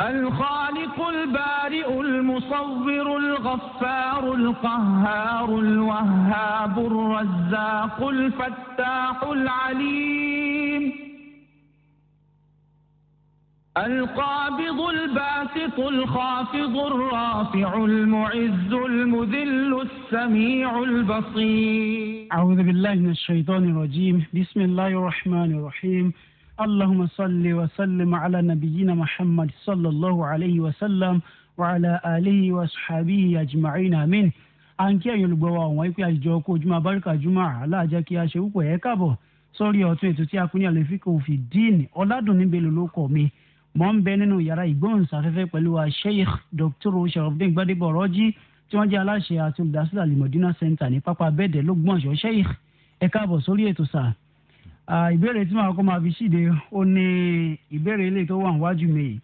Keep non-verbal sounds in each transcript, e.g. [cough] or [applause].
الخالق البارئ المصور الغفار القهار الوهاب الرزاق الفتاح العليم القابض الباسط الخافض الرافع المعز المذل السميع البصير أعوذ بالله من الشيطان الرجيم بسم الله الرحمن الرحيم اللهم صل وسلم على نبينا محمد صلى الله عليه وسلم وعلى آله وصحبه أجمعين آمين à ń kí ẹ̀yin olùgbọ́ wa ọ̀wọ́n ipe àjọ kó ojúmọ́ abáríkà jùmọ̀ aláàjá kí a ṣe wúpọ̀ ẹ̀ káàbọ̀ sórí ọ̀tún ètò tí a kún ní àlefíkò òfin dín ọ̀làdùnní bẹ́ẹ̀ ló kọ̀ mi mọ̀ ń bẹ nínú yàrá ìgbóhùnsáfẹ́fẹ́ pẹ̀lú wa sheikh dr sharafdin gbadebo ọ̀rọ̀jì tí wọ́n jẹ́ aláṣẹ àti olùdásílẹ̀ alimọ̀dínà center ní pápá bẹ́ẹ̀dẹ̀ lọ́gbọ̀nsọ̀ sheikh ẹ̀ káàbọ̀ sórí ètò sáà ìbéèrè tí màá kọ́ máa fi ṣíde ó ní ìbéèrè ilé tó wà níwájú mi yìí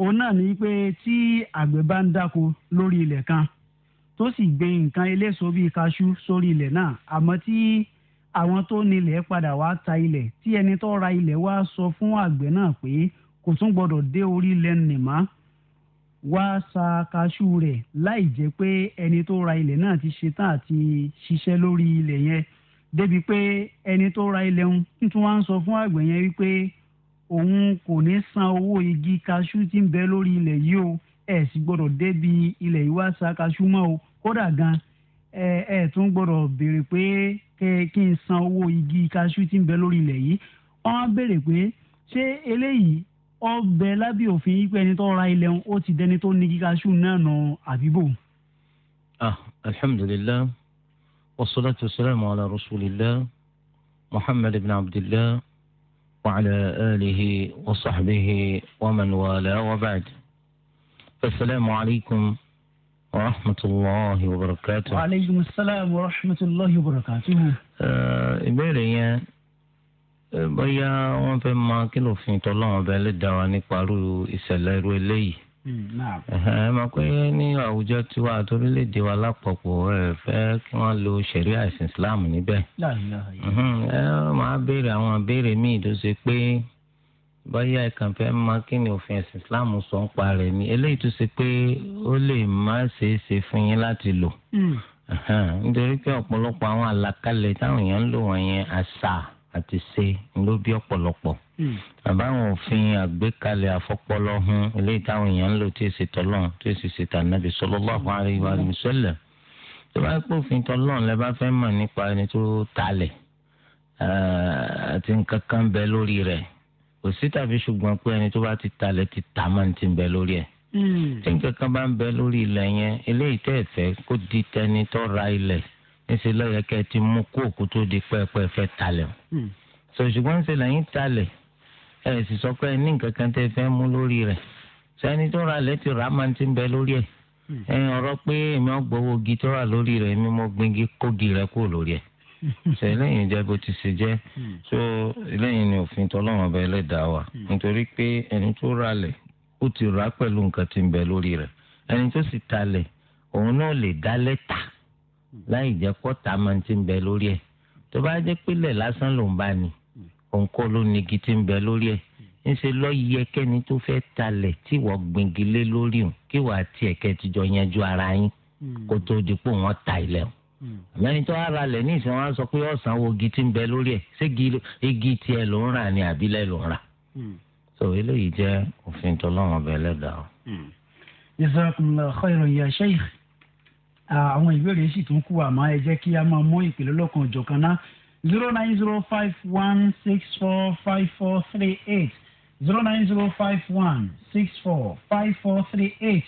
òun náà ni pé tí àgbẹ̀ bá ń dáko lórí ilẹ̀ kan tó sì gbin nǹkan eléso bíi kaṣú sórí ilẹ̀ náà àmọ́ tí àwọn tó nílẹ̀ padà wá ta ilẹ̀ tí ẹni tó ra ilẹ̀ wá sọ fún àgbẹ̀ náà pé kò tún gbọdọ̀ dé orí ilẹ̀ nìmọ́ wá sa kaṣú rẹ̀ láì jẹ́ pé ẹni tó ra ilẹ̀ náà ti ṣetán àti ṣiṣẹ́ lórí ilẹ̀ yẹn débi pé ẹni tó ra ilẹ̀ ń tún wá ń sọ fún àgbẹ̀ yẹn wípé òun kò ní san owó igi kaṣú tí ń bẹ lórí ilẹ̀ yìí o ẹ̀ sì gbọ́dọ̀ débi ilẹ̀ yìí wá sa kaṣú mọ́ o kódà gan ẹ ẹ tún gbọ́dọ̀ béèrè pé kí n san owó igi kaṣú tí ń bẹ lórí ilẹ̀ yìí wọ́n béèrè pé ṣé eléyìí ọbẹ̀ lábẹ́ òfin yìí pé ẹni tó ra ilẹ̀ ń ó ti dẹni tó ní igi kaṣú náà nà àbíbò. ah alhamdulilayi والصلاة والسلام على رسول الله محمد بن عبد الله وعلى آله وصحبه ومن والاه وبعد فالسلام عليكم ورحمة الله وبركاته وعليكم السلام ورحمة الله وبركاته إبريا آه، آه، بيا bóyá ما fẹ́ في kí بلد دواني bẹ́ẹ̀ إسلاير dá Hmm, ẹ mọ̀ pé ní àwùjọ tiwa àti èdè wa lápapọ̀ ẹ fẹ́ kí wọ́n lo ṣẹ̀ríà ẹ̀sìn Islam níbẹ̀. ẹ máa béèrè àwọn béèrè míì tó ṣe pé bóyá ẹ̀kan fẹ́ máa kí ni òfin ẹ̀sìn Islam sọ ń pa rẹ̀ ni eléyìí tó ṣe pé ó lè má ṣeé ṣe fún yín láti lò. Hmm. nítorí pé ọ̀pọ̀lọpọ̀ àwọn àlàkalẹ̀ táwọn èèyàn ń lò wọ̀nyẹn àṣà àti ṣe ló bí ọ̀pọ̀lọpọ̀ hmm. àbáwọn òfin àgbékalẹ̀ àfọpọlọ hun eléyìí táwọn èèyàn ń lò tí èsì tọ́lọ̀ tí èsì ṣètà nàbì sallallahu alaihi wa sallam tó bá pé òfin tọ́lọ̀ lẹ bá fẹ́ mọ̀ nípa ẹni tó talẹ̀ àti nǹkan kan bẹ lórí rẹ̀ kò sí tàbí ṣùgbọ́n pé ẹni tó bá ti talẹ̀ ti tà máa ń ti bẹ lórí ẹ̀ hmm. tí nǹkan kan bá ń bẹ lórí ilẹ̀ yẹn eléyìí tẹ́ kó di tẹni tó ra ilẹ̀ ńṣe lọ́yẹ̀ kẹ́ ẹ ti mú kó òkú tó di pẹ́ẹ́pẹ́ fẹ́ talẹ̀ hmm. o. sọ ṣùgbọ́n ńṣe lẹ́yìn talẹ̀ ẹ sì sọ pé ní nǹkan kan tẹ́ fẹ́ mú lórí rẹ̀ sẹ́ni tó ra alẹ́ ti rà á máa ti ń bẹ lórí ẹ̀ hmm. ẹ̀yìn ọ̀rọ̀ pé èmi ò gbowó igi tó rà lórí rẹ̀ èmi mo gbingi kógi rẹ̀ kúrò lórí ẹ̀ sọ hmm. eléyìí jẹ́ bó ti ṣe jẹ́ so eléyìí ni òfin tọ́lọ́wọ́n bẹ lẹ́dàá wa nítorí pé ẹni tó ra alẹ̀ ó ti rà á pẹ̀lú nǹkan ti ń bẹ lórí rẹ̀ ẹni tó sì talẹ̀ òun náà lè dá lẹ́tà láì jẹ́ pọ́tà máa ti ń bẹ lórí ẹ̀ tó bá jẹ́ pélé lásán ló ń bá ní òǹkọ́ ló ní igi ti ń bẹ lórí ẹ̀ ńṣe lọ yẹ kẹ́ni tó fẹ́ talẹ̀ tí wọ́n gbìngì lé lórí òun kí wàá tiẹ̀ kẹ́ ti jọ yanjú ara yín kó tó di pé wọ́n ta ilẹ̀ o. àmẹ́ni tó ara lẹ̀ ní ìsìn wọn sọ pé ọ̀sán wo igi ti ń bẹ lórí ẹ̀ ṣé igi tiẹ̀ ló ń rà ni àbílẹ̀ ló ń rà. so eléyìí jẹ́ òfin tọ́lọ́wọ́n bẹ́ẹ̀ lẹ́dàá o. jazakumullahu khairan ya sheikh àwọn ìbéèrè sì tún kù àmọ́ ẹ jẹ́ kí a máa mú ìpìlẹ̀ lọ́kàn ọ̀jọ̀kan ná zero nine zero five one six four five four three eight zero nine zero five one six four five four three eight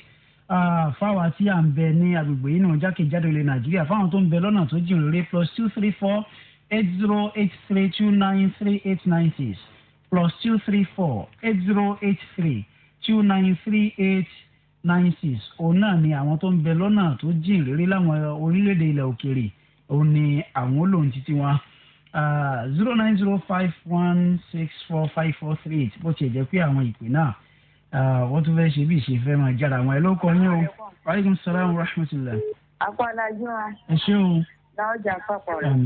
fáwa tí à ń bẹ ní agbègbè yìí náà jákèjádò ilẹ̀ nàìjíríà fáwọn tó ń bẹ lọ́nà tó jìn lórí plus two three four eight zero eight three two nine three eight nine six plus two three four eight zero eight three two nine three eight nine six òun náà ni àwọn tó ń bẹ lọ́nà tó jìn réré láwọn orílẹ̀-èdè ilẹ̀ òkèèrè òun ni àwọn olóhùn títí wọn ah, zero nine zero five one six four five four three eight bó tiẹ̀ jẹ́ pé àwọn ìpè náà ah, wọ́n tún fẹ́ ṣe bí ìṣe fẹ́ máa jára àwọn ẹ̀ ló kọ́ yín o aleykum salaam wa rahmatulah. akọ́lájú wa. ẹ ṣé o. láwùjọ àpapọ̀ rẹ̀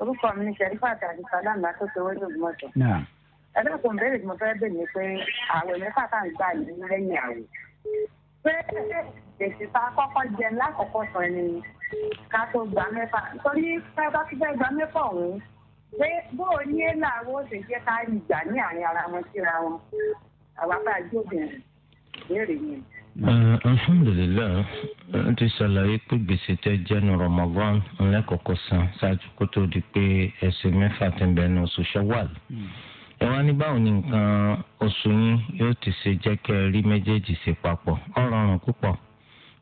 orúkọ mi ni sẹ́rífà àtàlí sálám látòkè wọlé ògbómọ̀tò. ẹ dákun bẹ́ẹ̀ ni mo fẹ́ bẹ̀ mí pé àwẹ̀ mẹ́fà tá à ń gbà ní lẹ́yìn àwẹ̀ pé èsì tá a kọ́kọ́ jẹ lákọ̀ọ́kọ́ sọ ni ká tó gba mẹ́fà torí pé bá tún fẹ́ gba mẹ́fà ọ̀hún pé bóò ní èlà owó ṣe jẹ́ ká gbà ní àárín ara wọn síra wọn àwa bá a jóbìnrin léèrè yẹn. alhamdulilayi n ti ṣàlàyé pé gbèsè tẹ jẹnu Ramadan ńlẹkọọkọ san ṣáájú kó tó di pé ẹsẹ mẹ́fà tẹ bẹnu oṣù Ṣawwal. Mm. ẹ wá ní báwo ni nǹkan oṣù yín yóò ti ṣe jẹ́ kẹ́ rí méjèèjì ṣe papọ̀ ó rọrùn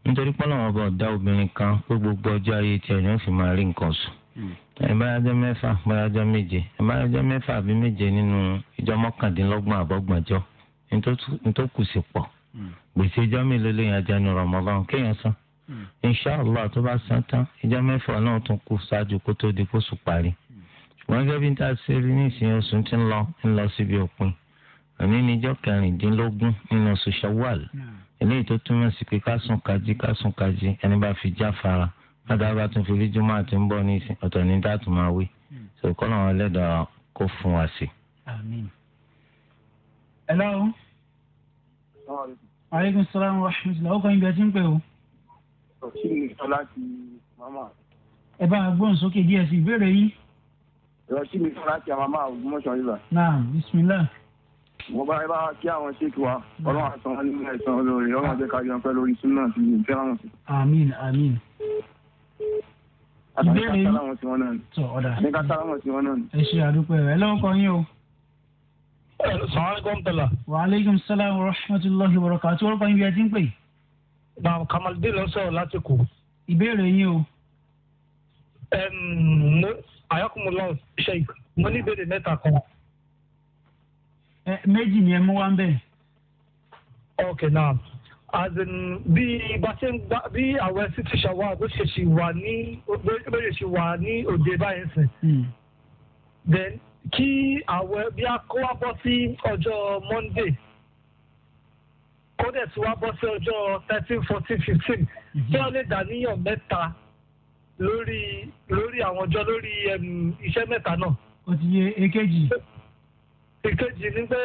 nítorí pé ọlọ́run kan pé gbogbo ọjọ ayé tiẹ̀ ni ó fi máa rí nǹkan oṣù ẹ mẹ́fà bá méje ẹ mẹ́fà àbí méje nínú ìjọ mọ́kàndínlọ́gbọ̀n àbọ̀gbọ̀njọ́ sí pọ̀ gbèsè ìjọ wọ́n gẹ́gẹ́ bí n ta ṣe rí ní ìsìn oṣù tí ń lọ ń lọ síbi òpin òní níjọ́ kẹrìndínlógún nínú oṣù Ṣawwal eléyìí tó túmọ̀ sí pé kásùn kájí kásùn kájí ẹni bá fi já fara ládàá bá tún fi rí jùmọ̀ àti ń bọ̀ ní ìsìn ọ̀tọ̀ ní dátùn máa wí ṣòkò náà ẹlẹ́dàá kó fún wa sí. Hello. aleykum salaam wa rahmatulah ọkọ ibi ẹtí ń pè o. ọ̀sìn mi sọ láti mama. ẹ bá a gbóhùn sókè díẹ̀ sí ìbéèrè yìí rọ̀ṣí mi fúnra ti àwọn máa Ògbómọ̀ṣọ́ yìí lọ. náà bisimilá. mo bá yẹ bá kí àwọn ṣètò wa ọlọ́run àti wọn nínú ẹ̀sán olórí ọlọ́run àti kájọ ń pẹ́ lórí súnmọ́ àti ìfẹ́ àwọn sí. àmín àmín. ìbéèrè yìí tọ ọ̀dà. ní ká sálámọ̀ sí wọn náà ni. ẹ ṣe àdúpẹ́ rẹ̀ lọ́wọ́ kan yín o. sàmàlíkọ́m tẹ̀lá. wàhálẹ́kùn sálám rahmatulahi wọ̀rọ̀kà àti orúkọ yín bí ẹ ti ń pè. kamaldin lọ sọ̀rọ̀ láti kù. ìbéèrè yín o àyọkùnmọlá sheik mo ní ìbéèrè mẹ́ta kan. méjì yẹn mú wá ń bẹ̀. ok now as in bí bá ṣe ń gbá bí àwọn ẹsìn ti ṣàwá bó ṣe ṣì wà ní bó ṣe ṣì wà ní òde báyìí sìn. Hmm. then kí àwọn bí a kó wá bọ́ sí ọjọ́ monday kódẹ̀ tí wá bọ́ sí ọjọ́ thirteen fourteen fifteen tí hmm. wọ́n lè dà níyàn mẹ́ta lórí lórí àwọn ọjọ́ lórí iṣẹ́ mẹ́ta náà. o ti yé èkejì. èkejì ni pé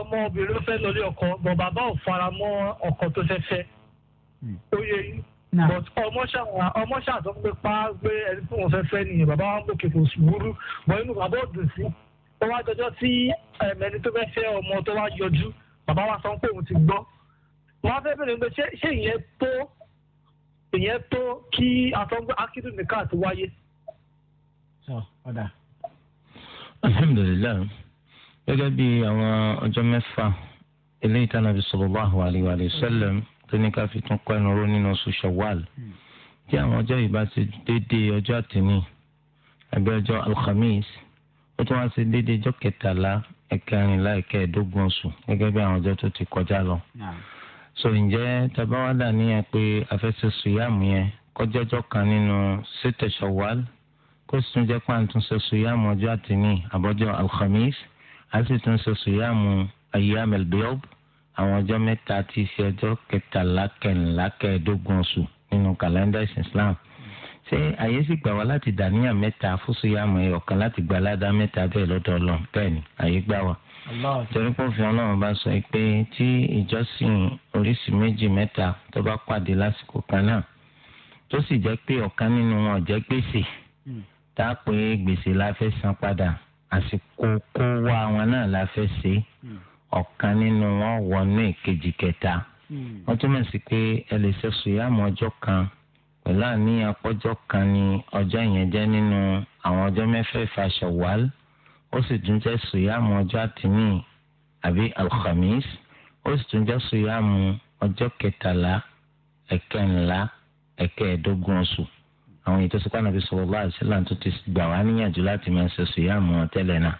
ọmọ obìnrin fẹ́ lórí ọkọ bọ̀ bàbá ò fara mọ́ ọkọ tó fẹ́ fẹ́ hmm. ó yẹ yín but ọmọ ṣàwọn ọmọ ṣàtọ́ pé pa gbé ẹni tí wọ́n fẹ́ fẹ́ nìyẹn bàbá wa ń gòkè kò sùúrù bọ̀ inú bàbá ò dùn sí tó wá jọjọ́ tí ẹni tó fẹ́ fẹ́ ọmọ tó wá yọjú bàbá wa sọ pé òun ti gbọ́ wọ́n fẹ́ bẹ̀rẹ̀ pé ṣé ìyẹn tó ìyẹn tó kí àtọ́gbọ́ akíndùn nìkan àti wáyé. alhamdulilayi gẹ́gẹ́ bí àwọn ọjọ́ mẹ́fà eléyìí tí Ànábì sallallahu alayhi wa sallam tó ní ká fi tún kọ́ ẹnu ró nínú oṣù Ṣawwal tí àwọn ọjọ́ yìí bá ṣe déédéé ọjọ́ àtìní àbí ọjọ́ alhamis ó tún wá ṣe déédéé ọjọ́ kẹtàlá ẹ̀kẹrìnlá ẹ̀kẹẹ̀dógún oṣù gẹ́gẹ́ bí àwọn ọjọ́ tó ti kọjá lọ so ǹjẹ́ tabawada níyà pé afẹ́sẹ̀ sùyàmù yẹn kọjọ́jọ́ kan nínú sètè Shawwal kó sì tún jẹ́ pé à ń tún ṣe sùyàmù ọjọ́ àtìní àbọ̀jọ́ alhamis a sì tún ṣe sùyàmù ayyam al-biyad àwọn ọjọ́ mẹ́ta tí ṣe ọjọ́ kẹtàlá kẹrìnlá kẹẹ̀ẹ́dógún oṣù nínú kàlẹ́ndà Islam ṣé àyè sì gbà wá láti dàníyàn mẹ́ta fún sùyàmù ẹ̀yọ̀kan láti gbà ládàá mẹ́ta bẹ́ẹ̀ lọ́dọ̀ bẹ́ẹ̀ ni àyè gbà wá torí kò fi ọlọ́run bá sọ pé tí ìjọsìn oríṣi méjì mẹ́ta tó bá pàdé lásìkò kan náà tó sì jẹ́ pé ọ̀kan nínú wọn jẹ́ gbèsè hmm. tá a pé gbèsè la fẹ́ san padà àsìkò kó wá àwọn náà la fẹ́ ṣe hmm. ọ̀kan nínú wọn wọnú ìkejì kẹta hmm. wọ́n túmọ̀ sí pé ẹ sùyàmù ọjọ́ kan pẹ̀lú àníyàn pọ́jọ́ kan ní ọjọ́ yẹn jẹ́ nínú àwọn ọjọ́ mẹ́fẹ̀ẹ̀fà ṣọ̀wálì ó sì tún jẹ́ sùyàmù ọjọ́ àtìmí àbí alhamis ó sì tún jẹ́ sùyàmù ọjọ́ kẹtàlá ẹ̀kẹńlá ẹ̀kẹẹ̀dógún oṣù àwọn èyí tó sọ pàánà bí sallallahu alaihi wasallam tó ti gbà wá níyànjú láti máa ṣe sùyàmù ọtẹlẹ náà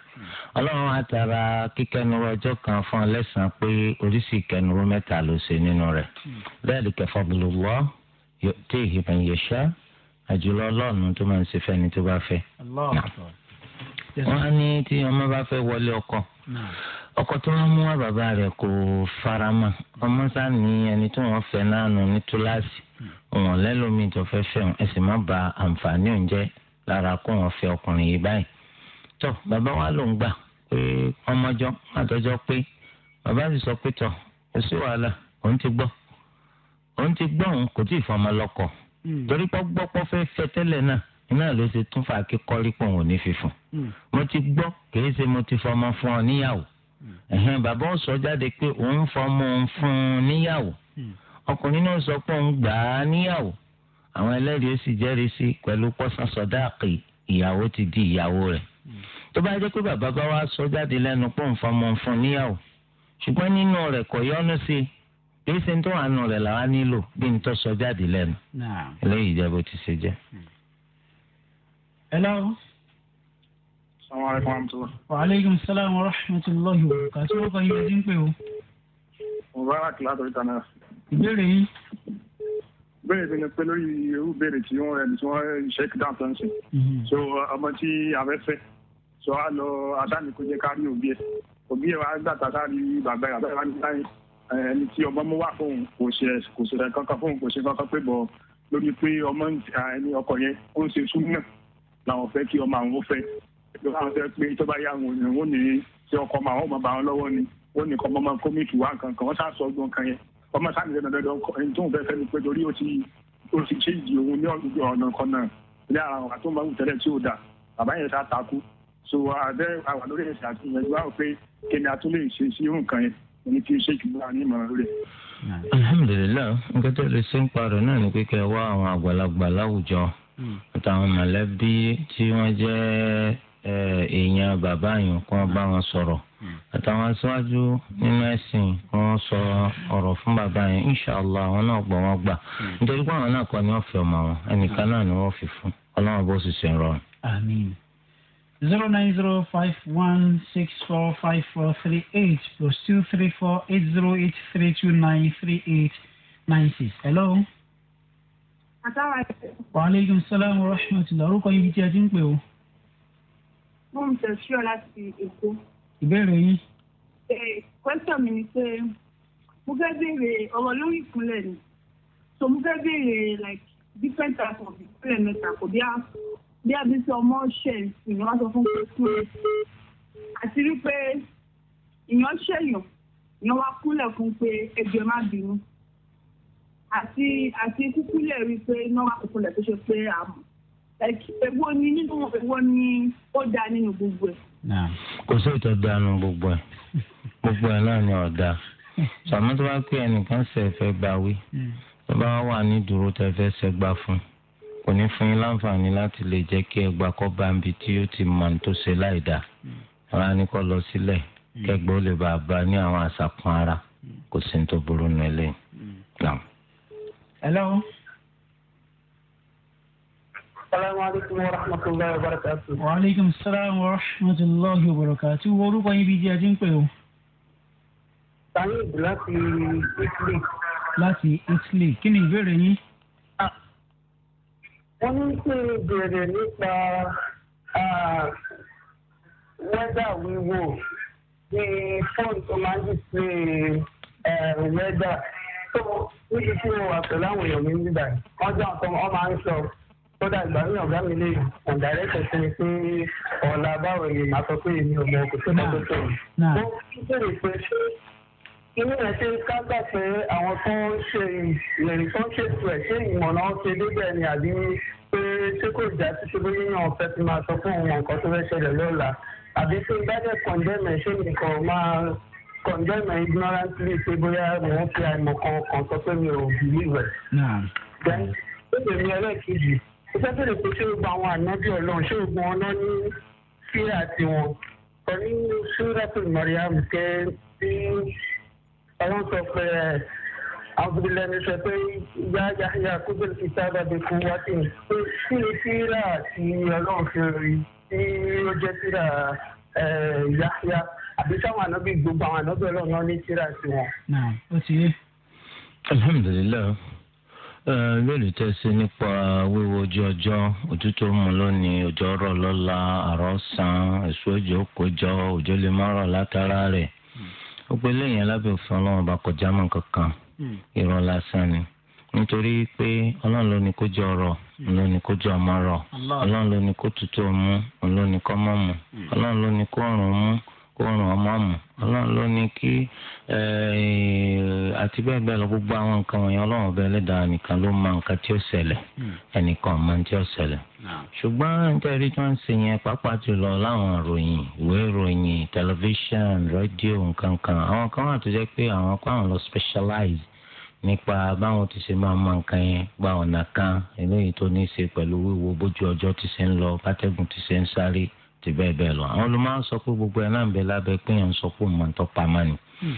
Ọlọ́run àtàrà kíkẹnuró ọjọ́ kan fún ọlẹsàn pé oríṣi ìkẹnuró mẹ́ta ló ṣe nínú rẹ̀ dhalika fadlullah yu'tihi man yasha àjùlọ Ọlọ́run tó máa ń ṣe fẹ́ni tó bá fẹ́ wọ́n á ní tí ọmọ bá fẹ́ wọlé ọkọ ọkọ tó wọ́n mú wá bàbá rẹ̀ kò farama ọmọ sáà ní ẹni tó wọ́n fẹ́ náà nù ní túláàsì òun hmm. lẹ́lòmíì tó fẹ́ fẹ́ ẹ sì má ba àǹfààní oúnjẹ lára kó wọn fẹ́ ọkùnrin yìí báyìí. tó bàbá wa ló ń gbà pé ọmọjọ́ àtọ́jọ́ pé bàbá sì sọ pé tọ̀ kò sí wàhálà òun ti gbọ́ òun ti gbọ́ òun kò tí ì fọmọ lọ́kọ hmm. torí pọ́ gbọ́pọ́ fẹ́ fẹ́ tẹ́lẹ̀ náà iná ló ṣe tún fà kí kọ́rípọ̀ òní fífún hmm. mo ti gbọ́ kìí ṣe mo ti fọmọ fún ọ níyàwó hmm. ẹ̀hẹ́n bàbá ó sọ jáde pé òun fọmọ òun fún un níyàwó hmm. ọkùnrin náà sọ pé òun gbà á níyàwó àwọn ẹlẹ́rìí ó sì jẹ́rìí sí pẹ̀lú pọ́sán sọ̀dáàkì ìyàwó ti di ìyàwó rẹ̀ tó bá jẹ́ pé bàbá bá wá sọ jáde lẹ́nu pé òun fọmọ òun fún níyàwó ṣùgbọ́n nínú rẹ̀ kò yọ́nú sí i kìí ṣe tó àánú rẹ̀ làwa nílò bí n tó sọ jáde lẹ́nu eléyìí jẹ́ bó ti ṣe jẹ́. Hello. Salaamaleykum Amtula. Waaleykum salaam wa rahmatulahi wa barakatuh. Kí ló kọ́ yín ẹdín pé o? Mubarak látọ̀rí ta náà. Ìbéèrè yín. Ìbéèrè mi ni pé lórí irú ìbéèrè tí wọ́n ẹni tí wọ́n ṣe kí dáhùn sáǹsì. So ọmọ tí afẹ́fẹ́ so a lọ adáni kó jẹ́ kárí òbí ẹ̀. E. Òbí ẹ̀ e wá gbàtà sáré bàbá ẹ̀ e, àbẹ́rẹ́ wá ní sáyẹn. Ẹni tí ọmọ eh, mú wá fóun kò ṣe kò ṣe kankan fóun kò ṣe kankan pé bọ̀ lórí pé ọmọ ẹni eh, ọkọ yẹn ó ń ṣe súnmọ́ làwọn fẹ́ kí ọmọ àwọn fẹ́ ló fẹ́ sọ pé tó bá yá wọn ní tí ọkọ ọmọ àwọn ọmọ bá wọn lọ́wọ́ ni ó ní kọ́ ọmọ kómìkì wá nǹkan kan wọ́n sá sọ ọgbọ́n kan yẹn ọmọ sáà nìyẹn dandan ẹni tó ń fẹ́ fẹ́ ni pé torí ó ti ó ti ṣe ìdí òun ní ọ̀nà kan náà ilé ara àwọn àtúntò máa wù tẹ́lẹ̀ tí ó dà bàbá yẹn sá takú so àbẹ àwọn lórí ẹsẹ̀ àti ìyẹn wá pé kéde àtúnlé ìṣe sí irú nǹkan yẹn ẹni tí ó ṣe jù alhamdulilayi nǹkan lè ṣe ń parọ́ náà ni pé kẹ́ wá àwọn àgbàlagbà láwùjọ àtàwọn mọ̀lẹ́bí tí wọ́n jẹ́ èèyàn bàbá yẹn kó bá wọn sọ̀rọ̀ àtàwọn aṣáájú nínú ẹ̀sìn kó sọ ọ̀rọ̀ fún bàbá yẹn inṣàlá àwọn náà gbọ́ wọn gbà nítorí pé àwọn náà kọ́ ni wọ́n ọmọ wọn ẹnìkan náà ni wọ́n fi fún ọlọ́run bó sì ṣe rọrùn. hello. waaleykum salaam wa rahmatulah orúkọ yìí tí a ti ń pè o. mo ń sọ sí ọ láti èkó. ìbéèrè yín. kwẹ́sọ̀ mi ni pé mo fẹ́ béèrè ọ̀rọ̀ lórí ìpínlẹ̀ ni so mo fẹ́ béèrè like different types of ìpínlẹ̀ mẹ́ta kò bí a bí a bí sọ ọmọ ṣe ìyàn wá sọ fún pé kú àti wípé ìyàn ṣèyàn ìyàn wá kúnlẹ̀ fún pé ẹgbẹ́ má bínú àti àti kúkúlẹ̀ rí i pé iná wà kúkúlẹ̀ tó ṣe pé à mọ̀ èwo ni nínú èwo ni ó da nínú gbogbo ẹ̀. kò sí ìtọ́jú àánú gbogbo ẹ̀ gbogbo ẹ̀ náà ni ọ̀dà sàmú tó bá pé ẹnìkan ṣe é fẹ́ gbà wí tó bá wà ní ìdúró tẹ́ fẹ́ ṣẹ́gbà fún kò ní fún yín láǹfààní láti lè jẹ́ kí ẹgbà kọ́ bá ń bi tí ó ti mọ̀ tó ṣe láì dáa ara ní kọ́ lọ sílẹ̀ kẹgbẹ́ ó lè bá a bá ní àwọn àṣà kan ara kò sí ní tó burú nílé Hello. Assalamu alaikum warahmatullahi wabarakatuh. Wa alaikum assalam warahmatullahi wabarakatuh. Wo orúkọ yín bíi di ẹjí ń pè o. Sayid láti Italy. Láti Italy, kí ni ìbéèrè yín? Wọ́n ní kí n bèrè nípa wẹ́dà wíwò bíi fóònù tó máa ń dìpé eh, wẹ́dà tó níbi tí mo wà pẹ̀lú àwọn èèyàn mi nígbà wọ́n jẹ́ àwọn ọmọ máa ń sọ kódà ìgbà mi ọ̀gá mi lè ọ̀gá rẹ̀ kẹsì mi pé ọ̀la báwo ni màá sọ pé èmi ò mọ kò tó mọ́tò tó mo bèrè pé ṣé inú rẹ̀ ṣe ká gbà pé àwọn tó ń ṣe ìrìn tó ń ṣètò ẹ̀ ṣé ìmọ̀nà ṣe débẹ̀ ni àbí pé ṣé kò já sí ṣe bóyá èèyàn ọ̀fẹ́ ti máa sọ fún òun nǹkan tó fẹ́ ṣẹlẹ̀ lọ́la àbí pé ìgbàdẹ̀ kọ̀ǹdẹ́mẹ̀ ṣé nìkan máa condemn ẹ̀ ignorantly pé bóyá mo ń fi àìmọ̀ kan kan sọ pé mi ò believe ẹ̀. then ó lè mi ẹlẹ́ẹ̀kejì ó fẹ́ pé ṣé o gba àwọn ànábì ọlọ́run ṣé o gbọ́n ọ̀nà ní síra tiwọn pẹ̀lú sórẹ́tò mariam kẹ́ tí ọlọ́run sọ pé ẹ̀ àbúlẹ̀ sọ pé yáyà kúbẹ̀lì ti sábà bí kú wá sí pé kí ni síra tí ọlọ́run fi rí tí ó jẹ́ síra eh, yáyà. àbí sáwọn ànábì gbogbo àwọn ànábì ọlọ́run náà ní tíra sí alhamdulilayi lórí tẹ́ sí nípa wíwo ojú ọjọ́ òtútù mú lónìí òjò rọ̀ lọ́la àrọ́ san èso kójọ òjò lè má rọ̀ látara rẹ̀ ó pé lẹ́yìn ọlọ́run ọba kọjá mọ́ kankan hmm. lásán kó ràn ọmọ mu ọlọ́run ló ní kí àti bẹ́ẹ̀ bẹ́ẹ̀ lọ gbogbo àwọn nǹkan wọ̀nyẹn ọlọ́run ọbẹ̀ ẹlẹ́dàá nìkan ló mọ nǹkan tí ó ṣẹlẹ̀ hmm. ẹnìkan mọ tí ó ṣẹlẹ̀ ṣùgbọ́n nítorí tí wọ́n ń ṣe yẹn pàápàá jùlọ láwọn ìròyìn ìwé ìròyìn tẹlifíṣàn rédíò nǹkan àwọn kan wà tó jẹ́ pé àwọn kan lọ specialize nípa báwọn ti ṣe máa ma nǹkan yẹn gba ọ̀nà kan eléyìí tó ní í ṣe pẹ̀lú wíwo bójú ọjọ́ ti ṣe ń lọ bátẹ́gùn ti ṣe ń sáré àti bẹ́ẹ̀ bẹ́ẹ̀ lọ àwọn olùmọ̀ọ́ sọ pé gbogbo ẹ̀ náà lábẹ́ pé yẹn ń hmm.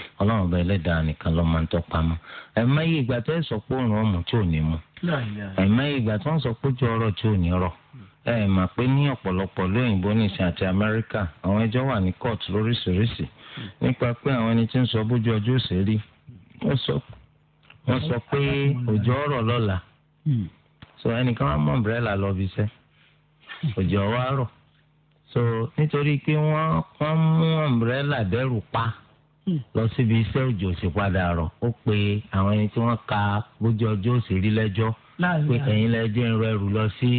nìkan ló máa ń pamọ́ tí ò ní mu ìgbà tí ò ní rọ̀ ẹ̀ pé ní ọ̀pọ̀lọpọ̀ lóyìnbó nìṣẹ́ àti amẹ́ríkà àwọn ẹjọ́ wà ní court lóríṣiríṣi hmm. nípa pé àwọn ẹni tí ń sọ bójú ọjọ́ wọ́n sọ pé hmm. so nítorí pé wọ́n wọ́n mú ọmbrẹ́là dẹ́rù pa hmm. lọ síbi iṣẹ́ òjò sì padà rọ̀ ó pe àwọn ẹni tí wọ́n ka bójú ọjọ́ òṣèré lẹ́jọ́ pé ẹ̀yin lẹ́jọ́ ń rọ ẹrù lọ sí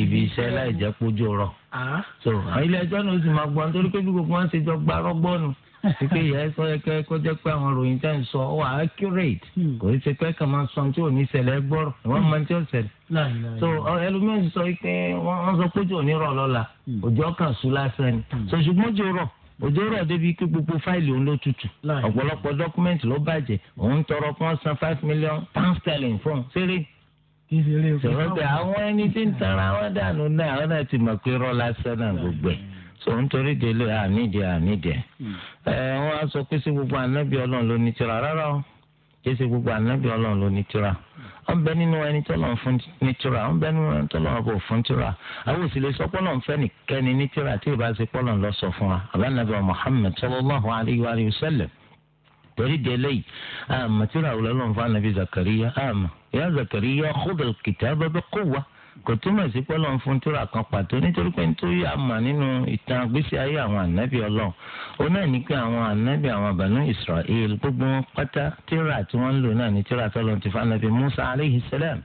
ibi iṣẹ́ láì jẹ́ pójú rọ̀ ah. so ilé ẹjọ́ náà sì máa gbọ́ nítorí pé bí gbogbo wọn ṣe jọ gbárọ́gbọ́nù wípé ìyá ẹ sọ yẹ kó jẹ́ pé àwọn ròyìn tẹ́ ń sọ ó wà accurate hmm. kò ní ṣe pé kàn máa sọ tí ò ní ṣẹlẹ̀ gbọ́rọ̀ hmm. wọ́n máa ń tí ò ṣẹlẹ̀. so ẹlòmíràn sọ pé wọ́n sọ pé òjò ní rọ̀ lọ́la hmm. òjò kan sùn lásán ni so ṣùgbọ́n òjò rọ̀ òjò rọ̀ débi kí gbogbo fáìlì òun ló tutù ọ̀pọ̀lọpọ̀ dọ́kúmẹ́ǹtì ló bàjẹ́ òun tọrọ fún san five million pound sterling fún un ṣeré ṣèrè pé àwọn ẹni tí ń tara wọn dànù náà àwọn náà ti mọ̀ pé rọ́ lásán náà gbogbo so nítorí délé àmìdí àmìdí ẹ wọn á sọ pé sí gbogbo anábì Ọlọ́run ló ní tírà rárá o kì í ṣe gbogbo anábì Ọlọ́run ló ní tírà wọn bẹ nínú ẹni tó lọ fún ní tírà wọn bẹ nínú ẹni tó lọ bò fún tírà àwọn òsì lè sọ pé Ọlọ́run fẹ́ nìkẹ́ni ní tírà tí ìbá ṣe pé Ọlọ́run lọ sọ fún wa àbánabi Muhammad sallallahu alayhi wa sallam torí délé yìí àmọ́ tírà Ọlọ́run fún anabi Zakariya àmọ́ ya Zakariya khudh al-kitaba bi quwwa kò túmọ̀ sí pé lọ́n fún tíra kan pàtó nítorí pé nítorí àmà nínú ìtàn àgbésí ayé àwọn ànábì ọlọ́run ó náà ní pé àwọn ànábì àwọn bànú Israel gbogbo wọn pátá tíra tí wọ́n ń lò náà ní tíra tọ́lọ́ ti fa ànábì Musa aleyhi salam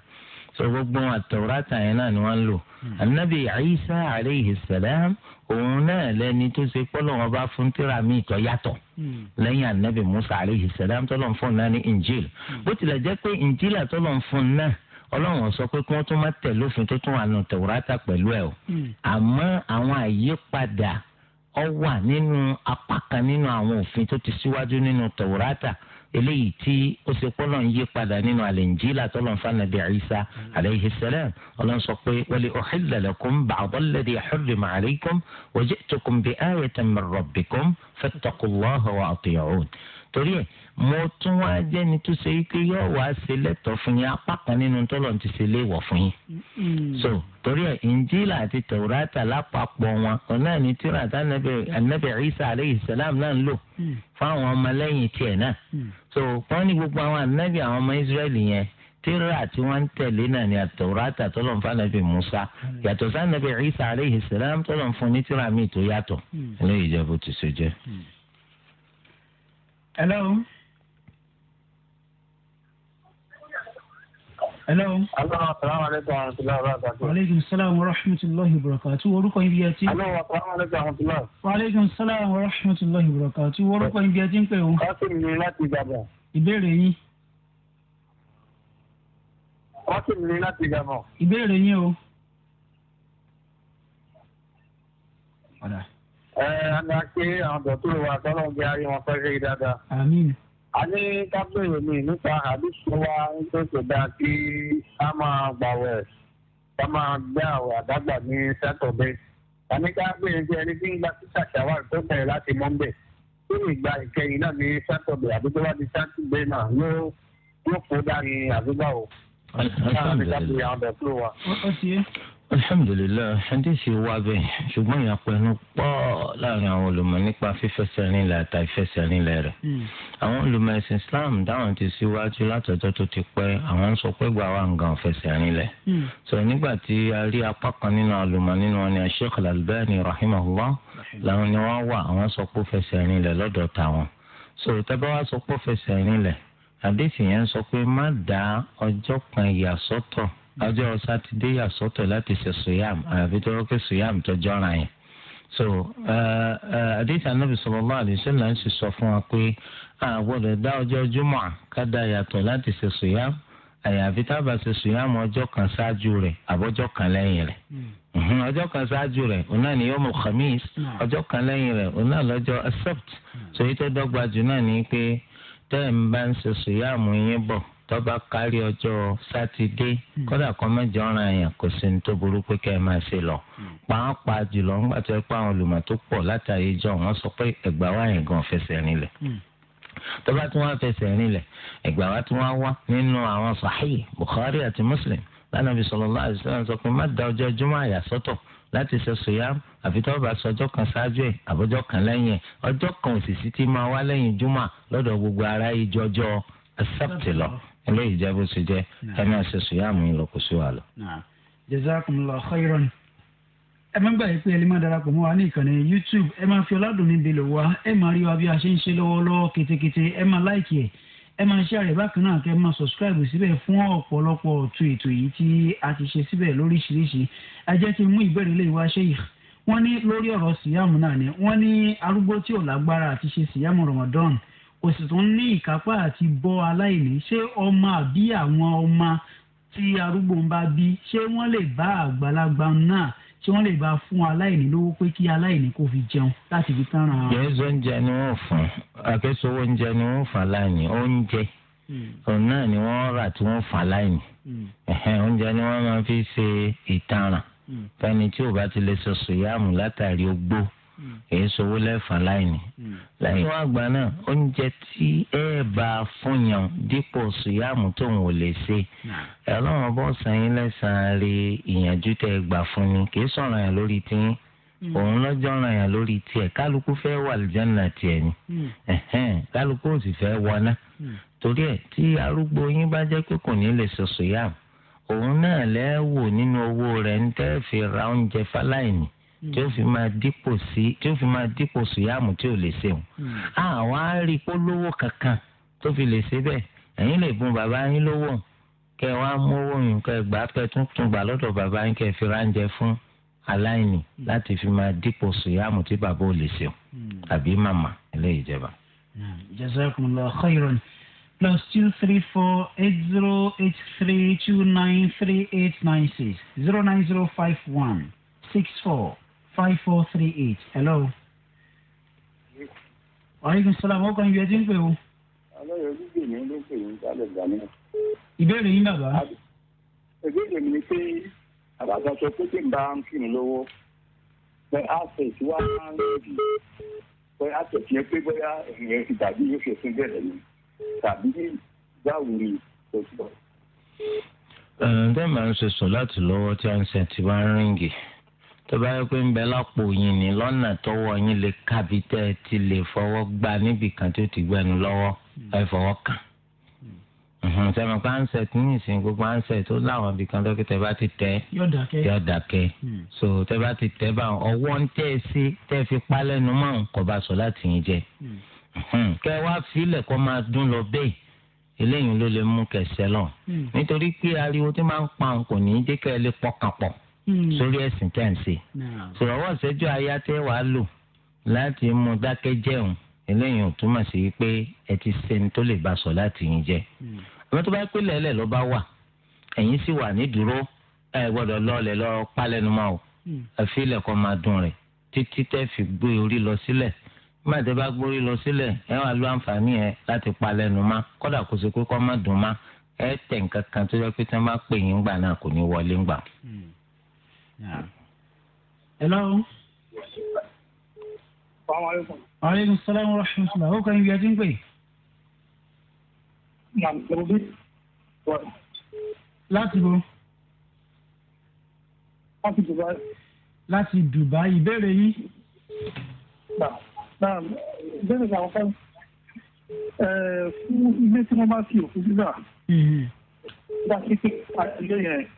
so gbogbo àtọ̀rọ̀tà yẹn náà ni wọ́n ń lò hmm. ànábì Isa aleyhi salam òun náà lẹni tó ṣe pọ́lọ́ wọn bá fún tíra míì tó yàtọ̀ hmm. lẹ́yìn ànábì Musa aleyhi salam tọ́lọ́ fún náà ní Injil hmm. bó tilẹ̀ Injil àtọ́lọ́ fún náà ọlọ́run sọ pé kí wọ́n tún má tẹ̀lé òfin tó tún wà nù tẹ̀wúrátà pẹ̀lú ẹ̀ o hmm. àmọ́ àwọn àyípadà ọ wà nínú apá kan nínú àwọn òfin tó ti síwájú nínú tẹ̀wúrátà eléyìí tí ó ṣe pé ọlọ́run yí padà nínú àlẹ́njílà tó lọ́n fa nàbí Ìsá alayhi salam ọlọ́run sọ pé wa li uhilla lakum ba'da alladhi harrama alaykum wa ji'tukum bi ayatin min rabbikum fattaqullaha wa torí ẹ mo tún wá jẹ́ni tó ṣe wípé yóò wá ṣe lẹ́tọ̀ọ́ fún yín apá kan nínú tọ́lọ̀ ti ṣe léèwọ̀ fún yín. so torí ẹ Injila àti Tẹ̀wúrátà lápapọ̀ wọn ọ̀nà ní tíra tá Ànábì Isa aleyhi salam náà ń lò mm. fún àwọn ọmọlẹ́yìn tiẹ̀ náà. Mm. so wọ́n ní gbogbo àwọn ànábì àwọn ọmọ Ísírẹ́lì yẹn tíra tí wọ́n ń tẹ̀lé náà ni àtọ̀rọ̀tà tọ́lọ̀ ń fànàbì Musa mm. yàtọ̀ sànàbì salam tọ́lọ̀ ń fún ní tíra míì tó yàtọ̀. Hello. Hello. Asalaamu aleykum wa rahmatulahi wa barakatu. Wa aleykum salaam wa rahmatulahi wa barakatu. Orúkọ ibi ẹtí. Alo wa salaamu aleykum wa rahmatulahi. Wa aleykum salaam wa rahmatulahi wa barakatu. Orúkọ ibi ẹtí ń pè wọ́n. Kọ́sì mi láti Gabon. Ìbéèrè yín. Kọ́sì mi láti Gabon. Ìbéèrè yín o. Ọ̀dà ẹ ẹni a pé àwọn dọ̀tún wa tọ́lọ́run jẹ́ àárín wọn fẹ́ẹ́ rí dáadáa. a ní kábíyèsí mi nípa àdúgbò wa ń tètè dáa kí a máa gbàwẹ̀ ká máa gbé àwẹ̀ àdágbà ní sátọ̀dé. a ní kábíyèsí ẹni tí ń gba títà ṣàwárí tó bẹ̀rẹ̀ láti mọ́ńbẹ̀ tó lè gba ìkẹyìn náà ní sátọ̀dé àdúgbò wa ní sátọ̀dé náà yóò yóò kó dání àdúgbò wa alhamdulilayi hadisi wa bẹ́ẹ̀ ṣùgbọ́n ìyàpẹnu pọ̀ láàrin àwọn olùmọ̀ nípa fífẹsẹ̀rin ilẹ̀ àti àìfẹsẹ̀rin ilẹ̀ rẹ̀ hmm. àwọn olùmọ̀ ẹ̀sìn islam dáhùn ti síwájú látọjọ́ tó ti pẹ́ àwọn ń sọ pé gbà wà nǹkan fẹsẹ̀rin ilẹ̀ hmm. sọ nígbà tí a rí apá kan nínú olùmọ̀ nínú wọn ni sheikh al-albani rahimahullah làwọn ni wọn wà àwọn sọ pé fẹsẹ̀rin ilẹ̀ lọ́dọ̀ tàwọn sọ tẹ́bá wá sọ pé fẹsẹ̀rin ilẹ̀ àdéhìyẹn sọ pé má dá ọjọ́ kan yà sọ́tọ̀ ọjọ́ sátidé yàsọ́tọ̀ láti ṣe sùyàm àyàfi tó rọ́kẹ́ sùyàm tó jọra yẹn. so àdéhùn anábì sallallahu alaihi wasallam sì sọ fún wa pé a gbọ́dọ̀ dá ọjọ́ júmọ̀ kádà yàtọ̀ láti ṣe sùyàm àyàfi tábà ṣe sùyàm ọjọ́ kan ṣáájú rẹ̀ àbọ̀jọ́ kan lẹ́yìn rẹ̀ hmm. ọjọ́ kan ṣáájú rẹ̀ òun náà ni khamis hmm. ọjọ́ kan lẹ́yìn rẹ̀ hmm. so jù náà ni pé tẹ́ ẹ̀ ń tọ́ba kárí ọjọ́ sátidé kódà kan mẹ́jọ ọ̀ràn àyàn kò sí ní tó burú pé kẹ́ ẹ máa ṣe lọ. pàápàá jùlọ ńgbà tó ẹ pa àwọn olùmọ̀ tó pọ̀ látàrí jọ wọ́n sọ pé ẹ̀gbà wà yẹn gan fẹsẹ̀ rinlẹ̀ tọ́ba tí wọ́n fẹsẹ̀ rinlẹ̀ ẹ̀gbà wa tí wọ́n wá nínú àwọn sahih Bukhari àti Muslim lánàbí sallallahu alaihi wasallam sọ pé má da ọjọ́ jùmọ̀ àyà sọ́tọ̀ láti ṣe sòyàm àfi tọ́wọ́ bá sọjọ́ kan ṣáájú ẹ̀ àbọ̀jọ́ kan lẹ́yìn ẹ̀ ọjọ́ kan òṣìṣì tí máa wá lẹ́yìn jùmọ̀ lọ́dọ̀ gbogbo ará ìjọjọ́ ẹ̀sẹ̀pìtì lọ eléyìí jẹ́ bó ṣe jẹ́ ẹ máa ṣe sùyàmù yín lọ kó sí wàhálà. jazakumullahu khairan ẹ má gbàgbé pé ẹ lè máa darapọ̀ mọ́ wa ní ìkànnì youtube ẹ máa fi ọ̀làdùn níbi lò wá ẹ máa rí wa bí a ṣe ń ṣe lọ́wọ́lọ́wọ́ kétékété ẹ máa láìkì ẹ̀ ẹ máa ṣe àrẹ̀ bákan náà kẹ́ ẹ máa sọ̀sìkáìbù síbẹ̀ fún ọ̀pọ̀lọpọ̀ ọ̀tún ètò yìí tí a ti ṣe síbẹ̀ lóríṣiríṣi ẹ jẹ́ kí n mú ìbéèrè ilé ìwá ṣe yìí wọ́n ní lórí ọ̀rọ̀ síyàmù náà ni wọ́n ní arúgbó tí ò lágbára àti ṣe síyàmù ramadan o sì tún ní ìkápá àti bọ́ aláìní ṣé ọmọ àbí àwọn ọmọ tí arúgbó ń bá bí ṣé wọ́n lè bá àgbàlagbà náà ṣé wọ́n lè bá fún aláìní lówó pé kí aláìní kò fi jẹun láti fi tán ara. jẹ́sọ̀ oúnjẹ ni wọ́n fún akẹ́sọ̀wọ́ oúnjẹ ni wọ́n fà láàyè oúnjẹ hmm. òun náà ni wọ́n rà tí wọ́n fà láàyè hmm. oúnjẹ ni wọ́n máa fi ṣe ìtanràn hmm. fẹ́ni tí ò bá ti lè sọ sùyàmù látàrí ogbó kìí sowó lẹ́fọn láìní. Hmm. lẹ́yìn wá gbà náà oúnjẹ tí ẹ bá fún yàn dípò sùyàmù tó ń wò lè ṣe ọlọ́run hmm. bọ́ sẹ́yìn lẹ́sàn-án rí ìyànjú tẹ́ gbà fún ni kìí sọ̀rọ̀ yàn lórí tiyín hmm. òun lọ́jọ́ ràn yàn lórí tiẹ̀ kálukú fẹ́ wà lìjánà tiẹ̀ ni kálukú ò sì fẹ́ wọná torí ẹ̀ tí arúgbó yín bá jẹ́ pé kò ní lè sọ sùyàmù òun náà lẹ́ẹ̀ nínú owó rẹ̀ ń tẹ́ fi ra oúnjẹ fáláìní Hmm. tí ó fi máa dípò sí tí ó fi máa dípò sùyàmù tí ò lè ṣeun àwọn hmm. á rí polówó kankan tó fi lè ṣe bẹ́ẹ̀ ẹ̀yin lè bùn bàbá yín lówó kẹ́ wàá mú owó yín kẹ́ gbà pẹ́ tuntun gbà lọ́dọ̀ bàbá yín kẹ́ fi ránjẹ fún aláìní hmm. láti fi máa dípò sùyàmù tí bàbá ò lè ṣeun àbí màmá ilé ìjẹba. jazakumullahu khairan plus two three four eight zero eight three two nine three eight nine six zero nine zero five one six four five four three eight hello. wàhálà sọlá wọn kàn yẹ ti ń pè o. ọlọ́yọ̀ olùgbé mi ló ń pè ní sálẹ̀ gani. ìbéèrè yín bàbá. ìbéèrè mi ni pé àbàtà sọ pé kí n bá ń kírun lọ́wọ́ pé access wá máa ń lòdì pé access yẹn pé bóyá ènìyàn ti dàbí yóò ṣe fún bẹ́ẹ̀ ni tàbí báwo ni kò sọ. ǹjẹ́ màá ń ṣe sọ láti lọ́wọ́ tí a ń ṣe ti bá ń rìngì tó bá yẹ pé ń bẹ lápò yìí ní lọ́nà tọwọ́ yín lè kábi tẹ́ ẹ ti lè fọwọ́ gbá níbì kan tó ti gbẹnu lọ́wọ́ hmm. ẹ fọwọ́ kàn. sẹ́mi pa ń ní ìsìn gbogbo à ń láwọn ibì kan dókítà bá ti tẹ́ yóò dákẹ́ hmm. so tẹ́ bá ti tẹ́ bá ọwọ́ ń tẹ́ ẹ sí tẹ́ fi pa lẹ́nu mọ́ kò bá sọ láti yín jẹ. Hmm. kẹ́ wá filẹ̀ kó máa dún lọ bẹ́ẹ̀ eléyìí ló lè mú kẹsẹ̀ lọ nítorí pé ariwo tí máa ń pa kò ní í dé kẹ́ ẹ lè pọkàn pọ̀. Hmm. sórí ẹ̀sìn tá à ń ṣe. sọ̀rọ̀ ọwọ́ ìṣẹ́jú aya tẹ́ wàá lò láti mú dákẹ́ jẹun eléyìí ò túmọ̀ sí pé ẹ ti sẹ́ni tó lè bá sọ láti yín jẹ. Hmm. àwọn tó bá pé lẹ́lẹ̀ ló bá wà ẹ̀yin sì wà ní dúró ẹ gbọ́dọ̀ lọ́ọ̀lẹ̀ lọ pálẹ́nu mọ́ o àfi hmm. ilẹ̀kọ́ máa dùn rẹ̀ títí tẹ́ fi gbé orí lọ sílẹ̀ nígbà bá gbé orí lọ sílẹ̀ ẹ wà lọ àǹfààní ẹ láti palẹ́nu mọ́ kódà kó ṣe pé kó má dùn mọ́ ẹ tẹ̀ nǹkan kan tó yẹ pé tí wọ́n bá pè yín gbà náà kò ní wọlé gbà hello. aleykum salaam wa rahmatulah o kàn ń bí ẹ ti ń pè. láti bo. láti Dubai. láti Dubai ìbéèrè yìí. ìbéèrè ni àwọn fẹ́ fún ilé tí wọ́n bá fi òfin gbà. dá sí pé àtìlẹ́yìn rẹ̀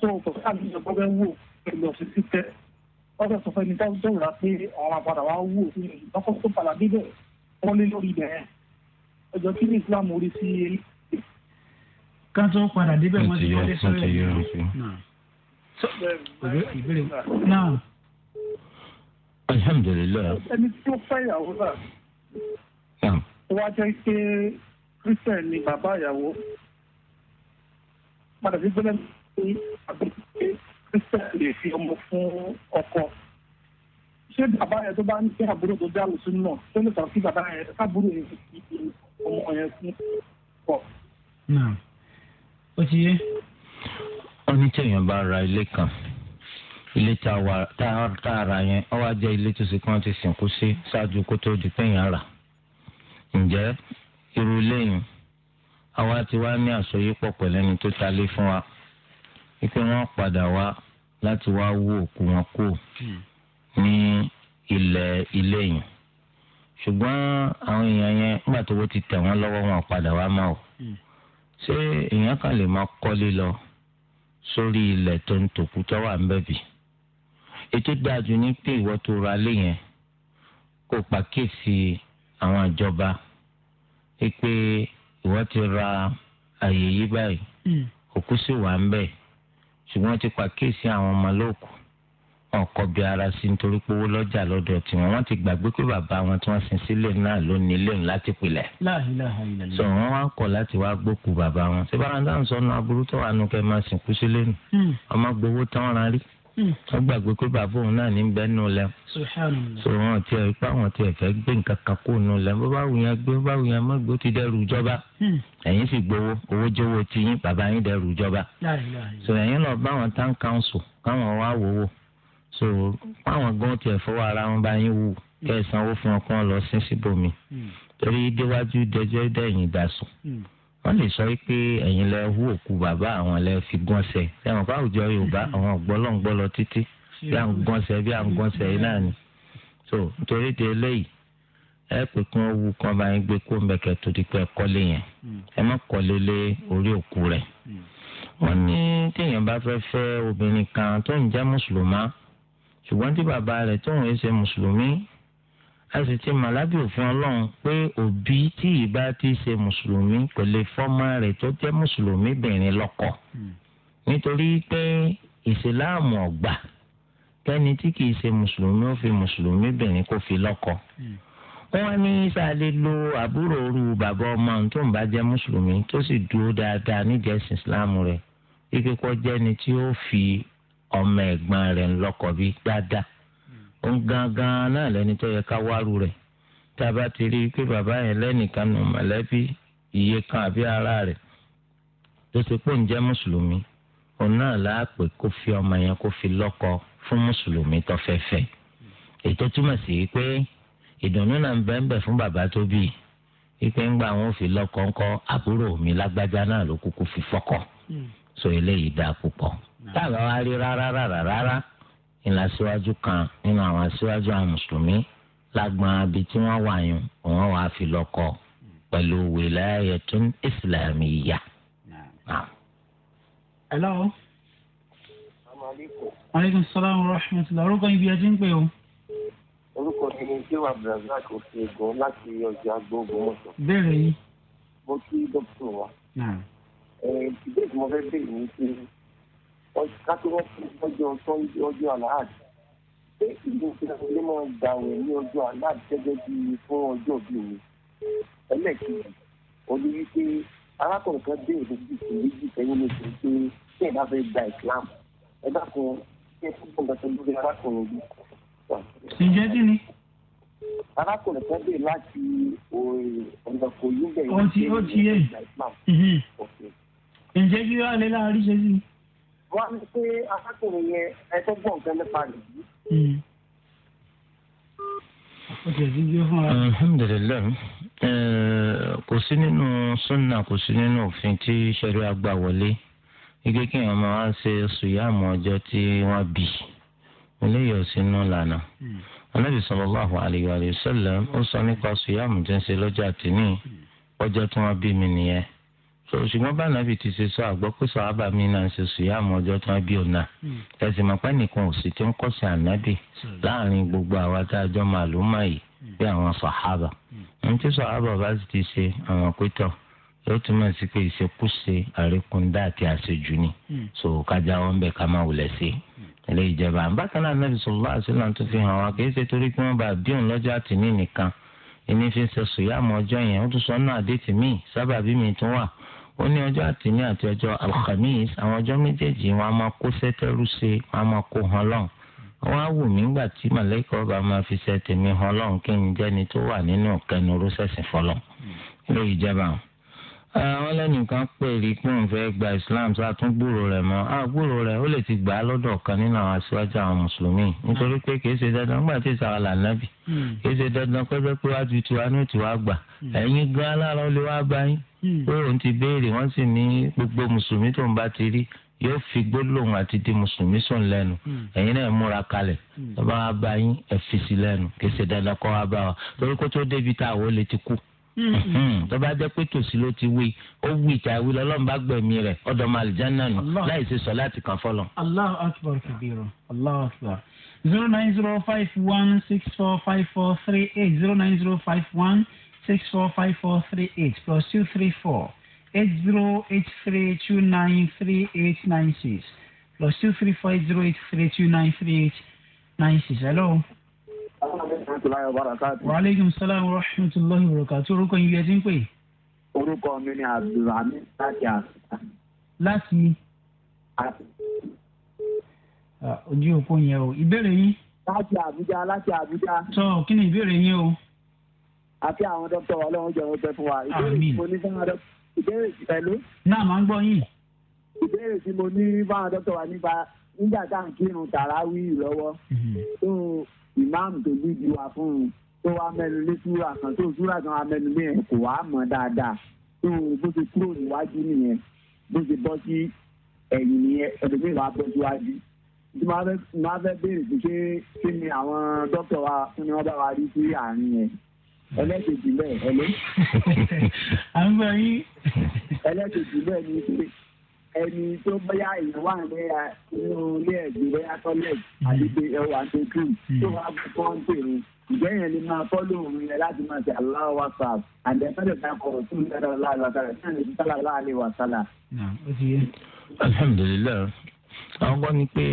tó kò sí àbí ìjọba bẹ́ẹ̀ wò pẹ̀lú ọ̀sẹ̀ títẹ wọ́n fẹ́ sọ fẹ́ni tó rà pé àwọn àpàdà wa wò lọ́kọ́ tó padà débẹ̀ wọ́n lé lórí ibẹ̀ yẹn ọjọ́ kí ní Islam orí sí eléyìí. ká tó padà débẹ̀ wọ́n ti wọlé sọ́yọ́ ìbéèrè náà. alhamdulilayi. ẹni tí ó fẹ́ ìyàwó náà wá jẹ́ pé Christian ni bàbá ìyàwó padà sí gbẹ́lẹ́mì àbí pé kristian lè fi ọmọ fún ọkọ ṣé bàbá yẹn tó bá ń jẹ́ àbúrò tó dá lùsùn náà tó lè sọ sí bàbá yẹn sábúrò yẹn fi ọmọ yẹn fún ọkọ. náà ó ti yé ó ní tẹ̀yàn bá ra ilé kan ilé tá a ra yẹn ó wá jẹ́ ilé tó ṣe kí wọ́n ti sìnkú sí ṣáájú kó tó di pẹ́yìn rà ǹjẹ́ irú lẹ́yìn àwa ti wá ní àsọyípọ̀ pẹ̀lú ẹni tó ta fún wa wípé wọ́n padà wá láti wá wó òkú wọn kú hmm. ní ilẹ̀ ilé yìí ṣùgbọ́n àwọn èèyàn yẹn nígbà tó wọ́n ti tẹ̀ wọ́n lọ́wọ́ wọn padà wá mọ́ ọ hmm. ṣé èèyàn kan lè máa kọ́lé lọ sórí ilẹ̀ tó ń tòkú tó wà ń bẹ̀bì ètò dájú ní pé ìwọ tó ra lé yẹn kó pàkíyèsí àwọn ìjọba pé ìwọ ti ra àyè yí báyìí hmm. òkú sì wà ń bẹ̀ẹ́ ṣùgbọ́n ti pàkíyèsí àwọn ọmọ lóòkù wọn kọ bí ara sí nítorí pé owó lọ́jà lọ́dọ̀ tiwọn wọ́n ti gbàgbé pé bàbá wọn tí wọ́n sin sílẹ̀ náà ló ní ilé láti pilẹ̀. sọ wọn wá kọ̀ láti wá gbókù bàbá wọn. ṣé bára ń dáhùn sọ́nù aburú tó wà nù kẹ́ máa sìnkú sílẹ̀ nù. Hmm. ọmọ gbowó tán ra Hmm. wọ́n gbàgbé pé bàbá òun náà ní bẹ́ẹ̀ nù lẹ́m. sọ wọn ti ẹ̀ pa wọn ti ẹ̀ fẹ́ gbé nǹkan kan kó nù lẹ́m bó bá wù yẹn gbé bó bá wù yẹn má gbé ó ti dẹ́rù ìjọba hmm. ẹ̀yin sì gbowó owó jówó ti yín bàbá yín dẹ́rù ìjọba. sọ ẹ̀yin náà bá wọn tán council káwọn wá wòwò so káwọn gan tiẹ̀ fọwọ́ ara wọn bá yín wù kẹ́ ẹ̀ sanwó fún ọkàn lọ sí síbòmí hmm. torí déwájú dẹjọ́ dẹ̀yìn dàsùn wọ́n lè sọ pé ẹ̀yin lẹ hu òkú bàbá àwọn lẹ fi gọ́nsẹ̀ ẹ̀wọ̀n bá àwùjọ yorùbá àwọn ọ̀gbọ́lọ́ngbọ́lọ títí bí à ń gọ́nsẹ̀ bí à ń gọ́nsẹ̀ yìí náà ni so nítorí ti eléyìí ẹ pé kí wọ́n wu kán bá yín gbé kó mẹ́kẹ́ tó di pé kọ́lé yẹn ẹ má kọ́lé lé orí òkú rẹ̀ wọ́n ní téèyàn bá fẹ́ fẹ́ obìnrin kan tó ń jẹ́ mùsùlùmá ṣùgbọ́n tí bàbá rẹ̀ tóun ṣe mùsùlùmí a sì ti mọ̀ lábẹ́ òfin ọlọ́run pé òbí tí ìbá ti ṣe mùsùlùmí kò lè fọ́mọ rẹ̀ tó jẹ́ mùsùlùmí bìnrin lọ́kọ hmm. nítorí pé ìsìláàmù ọ̀gbà kẹ́ni tí kìí ṣe mùsùlùmí ó fi mùsùlùmí bìnrin kó fi lọ́kọ. Hmm. wọ́n ní sáré lo àbúrò oru bàbá ọmọ tó ń bá jẹ́ mùsùlùmí tó sì dúró dáadáa níjẹ̀sìn ìsìláàmù rẹ̀ kíkẹ́kọ̀ọ́ jẹ́ni tí ó fi ọmọ ẹ̀gbọ́n rẹ̀ lọ́kọ bí dáadáa ń gangan náà lẹni tó yẹ ká wárú rẹ̀ tá a bá ti rí i pé bàbá yẹn lẹ́nìkan nù mọ̀lẹ́bí iye kan àbí ara rẹ̀ tó ṣe pé ń jẹ́ mùsùlùmí òun náà láàpè kó fi ọmọ yẹn kó fi lọ́kọ fún mùsùlùmí tó fẹ́ fẹ́ ètò túmọ̀ sí pé ìdùnnú náà ń bẹ́ẹ̀ fún bàbá tó bí ipe ń gbà wọn fi lọ́kọ ńkọ́ àbúrò mi lágbájá náà ló kúkú fi fọ́kọ hmm. so eléyìí dáa púpọ̀ hmm. táwọn á rí rárá rárá rárá. Mm ìlàsíwájú kan nínú àwọn aṣíwájú àwọn mùsùlùmí lágbọn abi tí wọ́n wà yún òun wàá fi lọ́kọ pẹ̀lú wìláyàtún islamiyya. hello. aleykum salaam wa rahmatulah orúkọ ibi ẹ ti ń pè o. orúkọ mi ni jẹ́ abdulrasaq oṣogun láti ọjà gbogbo mọ́tò. bẹ́ẹ̀ mo kí dókítà wa. ìbéèrè tí mo fẹ́ bèèrè ni pé kátó ọjọ́ sọ́ńdé ọjọ́ aláàdì pé ìlú ìlú máa gbà wẹ̀ ní ọjọ́ aláàdì gẹ́gẹ́ bí fún ọjọ́ bí mi ẹlẹ́ẹ̀kejì òní wípé arákùnrin kan dé èdè bíi méjì sẹ́yìn lóṣù pé tí ẹ bá fẹ́ gba Islam ẹ bá kan tí ẹ fún gbọ̀ngàn tó lórí arákùnrin yìí. ǹjẹ́ kí ni. arákùnrin kan dé láti ọ̀nà kò yúgbẹ̀ yìí. ó ti ó ti yé ǹjẹ́ kí wàá lé láàárín ṣe sí i wá ní pé arákùnrin yẹn ẹjọ́ gbọ̀n nǹkan nípa rẹ̀ yìí. Hmm. alhamdulilayi kò sí nínú sunna kò sí nínú òfin tí sẹ́rí àgbà wọlé ike kí wọn máa ṣe sùyàmù ọjọ́ tí wọ́n bì eléyìí ò sí nínú lànà anabi hmm. sallallahu alayhi wa sallam ó sọ nípa sùyàmù tí ń ṣe lọ́jọ́ àtìní hmm. ọjọ́ tí wọ́n bí mi nìyẹn ṣùgbọ́n bá nàbì ti ṣe sọ àgbọ̀ pé sọ̀hábà mi náà ń ṣe sùyàmù ọjọ́ tí wọ́n bí òun náà hmm. ẹ̀sìn mọ̀pá nìkan ò sì ti ń kọ́sẹ̀ ànábì hmm. láàrin gbogbo àwa tá a jọ màlúmà yìí hmm. bí àwọn sọ̀hábà ní tí sọ̀hábà bá sì ti ṣe àwọn pétọ̀ yóò túmọ̀ sí pé ìṣekúṣe àríkúndá àti àṣejù ni so kájà wọn bẹ̀ ká má wulẹ̀ sí ilé ìjọba bákan náà nàbì sọ̀rọ̀ àṣìlá tó fi hàn wá kì í ṣe torí pé wọ́n bá bí òun lọ́jọ́ àtìní nìkan ọjọ́ yẹn ó tún sọ náà àdétì míì sábàbí mi tún wà ó ní ọjọ́ àtìní àti ọjọ́ alhamis àwọn ọjọ́ méjèèjì wọn a máa kó sẹ́tẹ́rù ṣe wọn a máa kó hàn lọ́n wọn á wù mí gbà tí màlẹ́kọ̀ ọba máa fi ṣe tèmi hàn lọ́n kí n jẹ́ni tó wà nínú kẹnu rọ́ṣẹ̀sì fọlọ́ lórí ìjẹba wọn àwọn lẹ́nìkan pè rí pé òun fẹ́ gba islam ṣàtúngbòrò rẹ̀ mọ́ àgbòrò rẹ̀ ó lè ti gbà á lọ́dọ̀ kan nínú àwọn aṣáájú àwọn mùsùlùmí nítorí pé kìí ṣe dandan nígbà tí ìsàwọn làǹdàbì hmm. kìí ṣe dandan pẹ́pẹ́ pé wàá ju tiwa ní tiwa gbà hmm. ẹ̀yin gan alára ó lè wá bá yín hmm. pé òun ti béèrè wọ́n sì ní gbogbo mùsùlùmí tó ń bá ti rí yóò fi gbólóhùn àti di mùsùlùmí sùn lẹ́nu ẹ̀yin náà múra kalẹ̀ ẹ bá wa bá yín ẹ fi sí lẹ́nu kìí ṣe dandan kọ́ wa bá wa torí kó tó débi tá àwọn olè ti kú Hmm. Hmm. tó jẹ́ pé tòsí ló ti wí ó wí ìta ìwé lọ́lọ́run bá gbẹ̀mí rẹ̀ ọ̀dọ̀ màlìjánà nù láì ṣe sọ láti kàn fọlọ. Allahu akbar kabiru Allahu akbar zero nine zero five one six four five four three eight zero nine zero five one six four five four three eight plus two three four eight zero eight three two nine three eight nine six plus two three four eight zero eight three two nine three eight nine six hello waaleykum salaam wa rahmatulahi wa barakatuh orúkọ yín yẹ ti ń pè. orúkọ mi ni abdulhamid láti àṣà. láti. ojú òpó yẹn o ìbéèrè yín. láti àbújá láti àbújá. sọ kí ni ìbéèrè yín o. àti àwọn dókítà wa lọ́wọ́ jẹun pẹ́ fún wa. àmín ìbéèrè ti pẹ̀lú. náà máa ń gbọ́ yín. ìbéèrè tí mo ní fáwọn dókítà wa nípa nígbà tá à ń kírun tàràwí lọ́wọ́. Mhm ìmáàmù tó bí ju wa fún un tó wá mẹ́nu lé súra kan tó súra kan wá mẹ́nu lé yẹn kò wá mọ̀ dáadáa tó bó ti kúrò níwájú nìyẹn bó ti bọ́ sí ẹ̀yìn nìyẹn ẹ̀dùnmí wàá bọ́ síwájú tí máa fẹ́ máa fẹ́ béèrè pé kí ni àwọn dókítà wa fún ni wọ́n bá wa rí sí àárín yẹn ẹlẹ́kejì bẹ́ẹ̀ [laughs] ẹlẹ́. bẹ́ẹ̀ ni pé ẹni tó bóyá èèyàn wà ní inú ilé ẹ̀gbìn bóyá tọ́lẹ̀t àdìgbé ẹwà tó kù tó wà fún pọ́ńpẹ̀rù ìgbẹ́ yẹn ni máa fọ́ lóòrùn yẹn láti máa ṣe aláwọ̀ whatsapp and then fẹ́lẹ̀ fẹ́ kọ̀ tún dáadáa láàrin wàsálà náà ní sálà láàrin wàsálà àwọn kan ní pé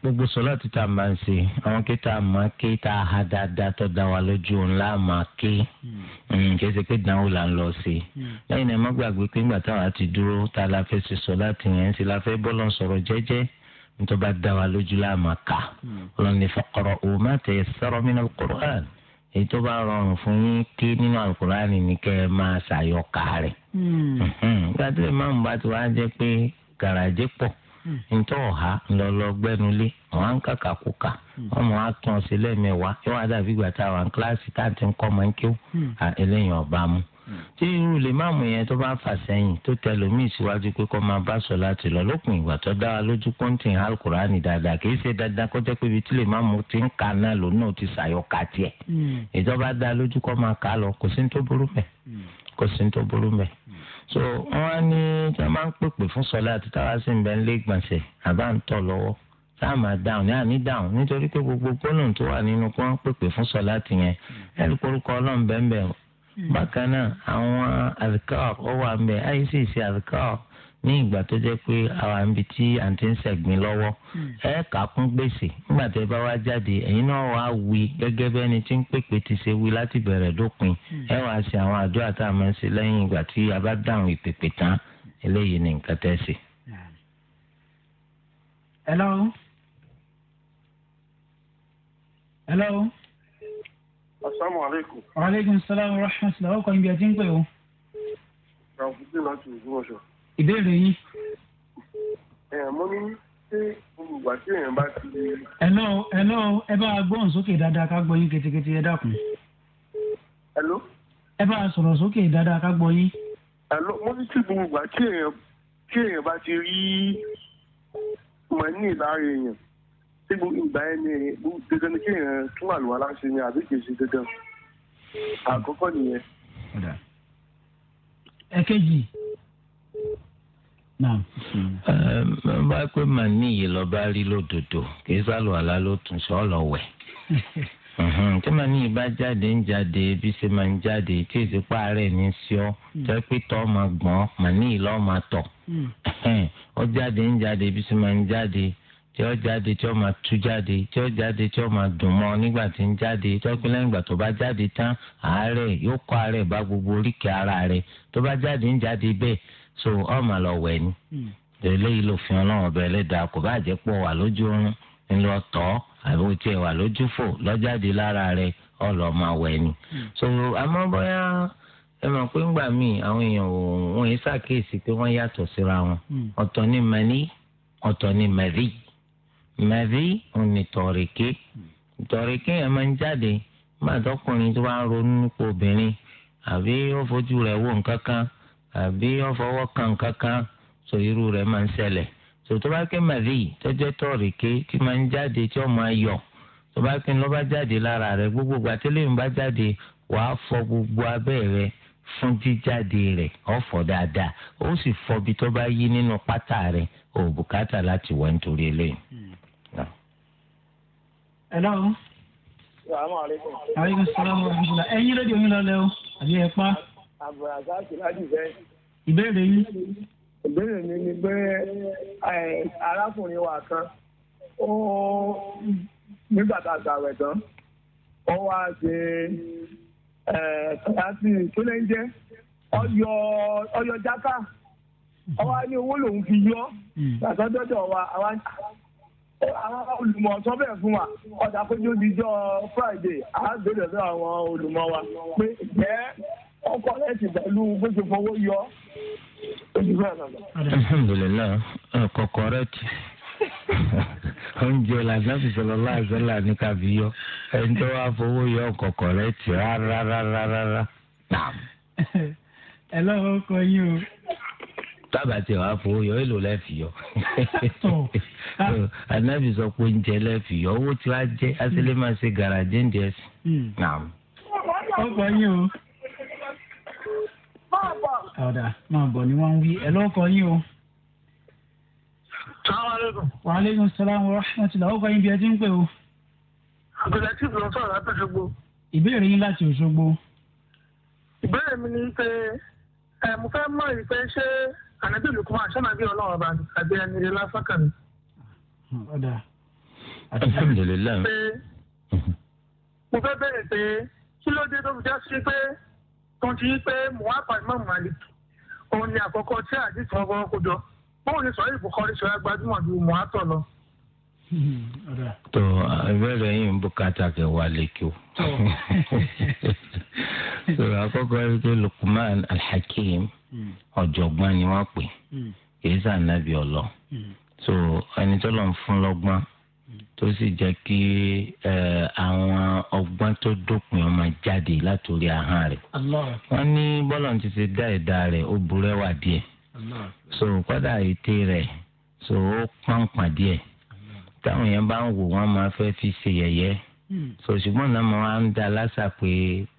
gbogbo sọlá ti tá a máa ń ṣe àwọn kí tá a máa ké tá a ha dáadáa tó dá wa lójú ńlá máa ké hmm. hmm, kí ẹsẹ pé dánwò là ń lọ sí i hmm. lẹ́yìn náà má gbàgbé pé ńgbà táwọn àti dúró tá la fẹ́ ṣe sọlá ti yẹn ṣe la fẹ́ bọ́lọ̀ sọ̀rọ̀ jẹ́jẹ́ nítorí bá dá wa lójú là máa kà ọlọ́run ní faqra'u ma tayassara min al-Qur'an èyí tó bá rọrùn fún yín ké nínú al ni kẹ́ ẹ máa ṣàyọkà rẹ̀ gbàdúrà máàmù bá ti wá jẹ́ pé gàràjẹ́ pọ̀ Hmm. nítorí ọ̀há ńlọlọgbẹ́nulé àwọn ń kàkà kúkà hmm. ọmọ wa tún ọ sí lẹ́ẹ̀mẹ́wàá yóò wá dàbí ìgbà tá a wà ní kíláàsì tá à ti ń kọ́ ọmọ ń kí ó hmm. eléyìí ọba mu tí irú lè má mú yẹn tó bá fà sẹ́yìn tó tẹ lómìn síwájú pé kó máa bá sọ láti lọ lópin ìgbà tó dá wa lójú pọ́ńtì alukurani dáadáa kì í ṣe dandan kó jẹ́ pé ibi tí lè má mú ti ń ka náà lòun náà ti ṣàyọ̀ ká tiẹ̀ ìjọba dá lójú kó máa kà á lọ kò sí ní tó burú mẹ́ kò sí ní tó burú mẹ́ so wọn ní tí wọn máa ń pèpè fún sọlá àti táwa sì ń bẹ ń lé gbọ̀nsẹ̀ àbá ń tọ̀ lọ́wọ́ tá a máa dáhùn ní àní dáhùn nítorí pé gbogbo gbólóhùn tó wà nínú kó ń pèpè fún sọlá ti yẹn ẹni korúkọ ọlọ́run bẹ́ẹ̀ bẹ́ẹ̀ hmm. bákan náà àwọn àzìkáà ó wà ń bẹ àyè sì ṣe àzìkáà ní ìgbà tó jẹ́ pé àwa ń bi tí àǹtí ń ṣẹ̀gbìn lọ́wọ́ hmm. ẹ kà á kún gbèsè nígbà tẹ bá wá jáde ẹ̀yin náà wàá wí gẹ́gẹ́ bẹ́ẹ̀ ni tí ń pèpè ti ṣe wí láti bẹ̀rẹ̀ dópin hmm. ẹ wàá ṣe àwọn àdúrà tá a máa ń ṣe lẹ́yìn ìgbà tí a bá dáhùn ìpèpè tán eléyìí ni nǹkan tẹ́ ṣe. hello hello. asalaamualeykum. waaleykum salaam wa rahmatulah ọkọ ibi ẹ ti ń pè o. ṣàǹfùdí láti ìlú ọ̀ṣọ́ ìbéèrè yín. ẹ mo ní ṣé olùgbà tí èèyàn bá ti. hello hello ẹ bá a gbóhùn sókè dáadáa ká gbọ́ yín ketekete ẹ dákun. hello. ẹ bá a sọ̀rọ̀ sókè dáadáa ká gbọ́ yín. hello mo ní ṣé olùgbà tí èèyàn tí èèyàn bá ti rí mọ̀ ní ìlàrí èèyàn tí gbogbo ìgbà yẹn ni dandan ni kí èèyàn tún wà lùwà láṣẹ ni àbí kìí ṣe dandan àkọ́kọ́ nìyẹn. ẹ̀kejì. bá pé màá níyì lọ bá rí lódodo kì í sálò àlá ló tún sọ lọ wẹ [laughs] tí màá níyì bá jáde ń jáde bí ṣe máa ń jáde tí èsì pààrẹ ní sí ọ jẹ máa gbọ́n màá níyì lọ́ọ́ máa tọ̀ mm. ọ jáde ń jáde bí ṣe máa ń jáde tí ó jáde tí ó máa tú jáde tí ó jáde tí ó máa dùn mọ́ nígbà tí ń jáde tó bá jáde tán àárẹ̀ yóò kọ́ bá gbogbo so ọmọ lọ wẹ̀ ni eléyìí hmm. lòfin ọlọ́run ọbẹ̀ ẹlẹ́dàá kò bá jẹ́ pọ̀ wà lójú oorun ńlọ tọ́ àbí o tiẹ̀ wà lójú fò lọ́jáde lára rẹ̀ ọlọ́ máa wẹ̀ ni. Hmm. so àmọ́ bóyá ẹ mọ̀ pé ńgbà míì àwọn èèyàn òun yìí ṣàkíyèsí pé wọ́n yàtọ̀ síra wọn hmm. ọ̀tọ̀ ni mẹ́lí ọ̀tọ̀ ni mẹ́lí mẹ́lí òun ni tọ̀rẹ̀kẹ́ yẹn máa ń jáde nígbà tọkùnrin tó bá ń ronú nípa obìnrin àbí ó fojú rẹ̀ wò nǹkan kan àbí wọn fọwọ́ kan kankan sọ irú rẹ̀ máa ń ṣẹlẹ̀ sọ tó bá tọ̀rì ké tí máa ń jáde tí ó yọ tó bá bá jáde lára gbogbo gbàtẹ́lẹ̀ ń bá jáde wàá fọ gbogbo abẹ́ rẹ̀ fún jíjáde rẹ ọ̀fọ̀ dáadáa ó sì fọ bí tó bá yí nínú pátá rẹ ò bùkátà láti hmm. wa abdulrasaq ládìbẹ́. ìbéèrè yín. ìbéèrè mi ni pé arákùnrin wa kan ó nígbà tá a gbàwẹ̀ tán ó wá ṣe kíláàsì kílẹ̀ ń jẹ́ ọyọ ọyọ jáká ọwọ́ ní owó lòun fi yọ hmm. àtọ́jọ́jọ́ wa àwọn olùmọ̀ sọ bẹ́ẹ̀ fún wa ọ̀dà péjú ti jọ Friday àá àwọn olùmọ̀ wa pé ǹjẹ́ ọkọ lẹ́sìn pẹ̀lú bó ṣe fowó yọ alhamdulilayi kọkọrẹ ti oúnjẹ lànàfi sọlọ láàzọlà ní kàbí yọ ẹni tó fowó yọ kọkọrẹ ti rárá ẹ lọ́wọ́ kọ yín o tábà tí wàá fowó yọ èlò lẹ́fì yọ anabi sọ pé ń lẹ́fì yọ owó tí wàá ń sí. Hmm. ọkọ yín o. ọ̀dà máa bọ̀ ni wọ́n ń wí ẹ̀ lọ́kọ̀ yín o. wa aleykum salaam wa rahmatulah ó kọ́ yín bí ẹ ti ń pè o. àbẹ̀lẹ̀ tí ìlú sọ̀rọ̀ láti Òṣogbo. ìbéèrè yín láti Òṣogbo. ìbéèrè mi ni pé ẹ mo fẹ́ mọ̀ yìí pé ṣé ànábì Lukman àṣànàbí Ọlọ́run ọba àbí ẹni rẹ lásán kàn mí. ọ̀dà. alhamdulilayi. mo fẹ́ bẹ̀rẹ̀ pé kí ló tó ti pé muhammad imam malik òun ni àkọ́kọ́ tí àdìsí wọn kọ́kọ́ kó jọ bóun ni sọ̀rọ̀ ìbùkọ́rí sọ̀rọ̀ gbajúmọ̀ ju muhammad lọ. tó ìbéèrè yìí ń bùkátà kẹ wá lékè o. sọ̀rọ̀ [laughs] àkọ́kọ́ yìí pé lukman alhakim hmm. ọ̀jọ̀gbọ́n ni wọ́n pè hmm. kì í sàn nábì hmm. so ẹni tó lọ fún lọ́gbọ́n tó sì jẹ́ kí àwọn ọgbọ́n tó dópin ọmọ jáde látòrí ahọ́n rẹ̀. wọ́n ní bọ́lá ti ṣe dá ẹ̀dá rẹ̀ ó burẹ́ wà díẹ̀ so kọ́dà ète rẹ̀ so ó pọ̀npọ̀n díẹ̀ táwọn yẹn bá ń wò wọ́n máa fẹ́ fi ṣe yẹ̀yẹ́ hmm. so ṣùgbọ́n náà máa ń da lásà pé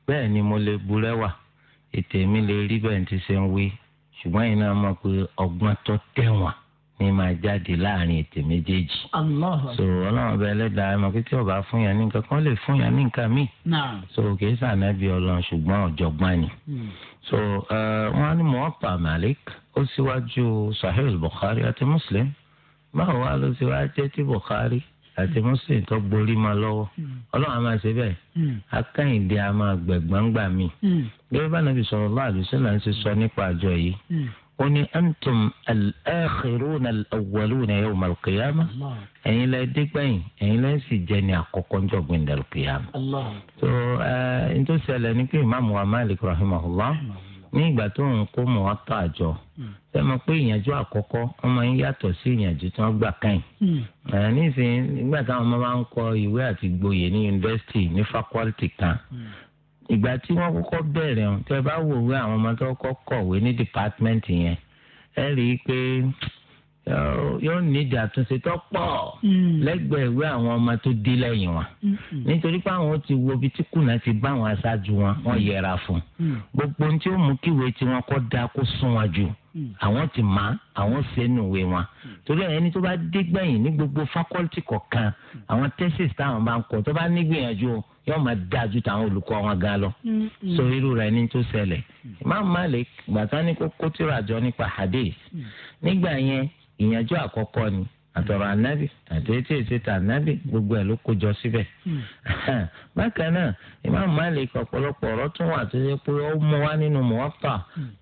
bẹ́ẹ̀ ni mo lè burẹ́ wà ètè mi lè rí bẹ́ẹ̀ ti ṣe ń wí ṣùgbọ́n yìí náà mọ̀ pé ọgbọ́n tó tẹ̀wọ̀n ní máa jáde láàrin ètè méjèèjì. so ọlọ́run ọba ẹlẹ́dàá ẹ mọ̀ pé tí ọba fún yàn ní nǹkan kan lè fún yàn ní nǹkan míì. so kì í sànẹ́bí ọlọ́run ṣùgbọ́n ọ̀jọ̀gbọ́n ni. Hmm. so wọ́n á ní Muwatta Malik ó síwájú Sahih Bukhari àti Muslim báwo wá ló ti wá jẹ́ ti Bukhari àti Muslim tó gborí ma lọ́wọ́ hmm. ọlọ́run á máa ṣe bẹ́ẹ̀ hmm. akẹ́yìndé á máa gbẹ̀gbọ́n gbà mí. gẹ́gẹ́ bá nàbì sallallahu alaihi ó ní antum al-akhirun al-awwalun yawm al-qiyamah ẹ̀yin lẹ dé gbẹ̀yìn ẹ̀yin lẹ sì jẹ́ ní àkọ́kọ́ njọ́ gbẹ̀ndẹ̀ al-qiyamah. so ẹ̀ ǹtọ́ ṣẹlẹ̀ ní pé imaamu wa malik rahimahullah ní ìgbà tó ń kó muwatta àjọ ṣe mọ̀ pé ìyànjú àkọ́kọ́ wọ́n máa ń yàtọ̀ sí ìyànjú tí wọ́n gbà kẹ́yìn. ẹ̀ nísìnyí nígbà táwọn ọmọ máa ń kọ ìwé àti gboyè ní yunifásitì ní fakọ́lítì kan ìgbà tí wọ́n kọ́kọ́ bẹ̀rẹ̀ ọ̀hún tẹ́ bá wò wí àwọn ọmọ tó kọ́ kọ̀wé ní dìpátmẹ́ǹtì yẹn ẹ rí i pé yóò nídìí àtúnṣe tó pọ̀ mm. lẹ́gbẹ̀ẹ́ ìwé àwọn ọmọ tó dé lẹ́yìn wa nítorí pé àwọn ti wo ibi tí kùnà ti bá àwọn aṣáájú wọn wọ́n mm. yẹra fún mm. gbogbo ohun tí ó mú kíwé tí wọ́n kọ́ da kó sún wọn jù àwọn ti má àwọn sẹ́nu ìwé wọn torí ẹni tó bá dé gbẹ̀yìn ní gbogbo fakọ́lítì kọ̀ọ̀kan àwọn tẹ́sítì táwọn bá ń kọ́ tó bá nígbìyànjú o yóò máa dájú táwọn olùkọ́ wọn gan lọ. Mm-hmm. so irú rẹ̀ ní tó ṣẹlẹ̀ Imam Malik gbàtà ní kókó tí ràjọ nípa hadith mm-hmm. nígbà yẹn ìyànjú àkọ́kọ́ ni àtọ̀rọ̀ ànábì àti etí ètètè ànábì gbogbo ẹ̀ ló kójọ síbẹ̀. Mm-hmm. [laughs] bákan náà Imam Malik ọ̀pọ̀lọpọ̀ ọ̀rọ̀ tún wà tó ṣe pé ó mú wá nínú Muwatta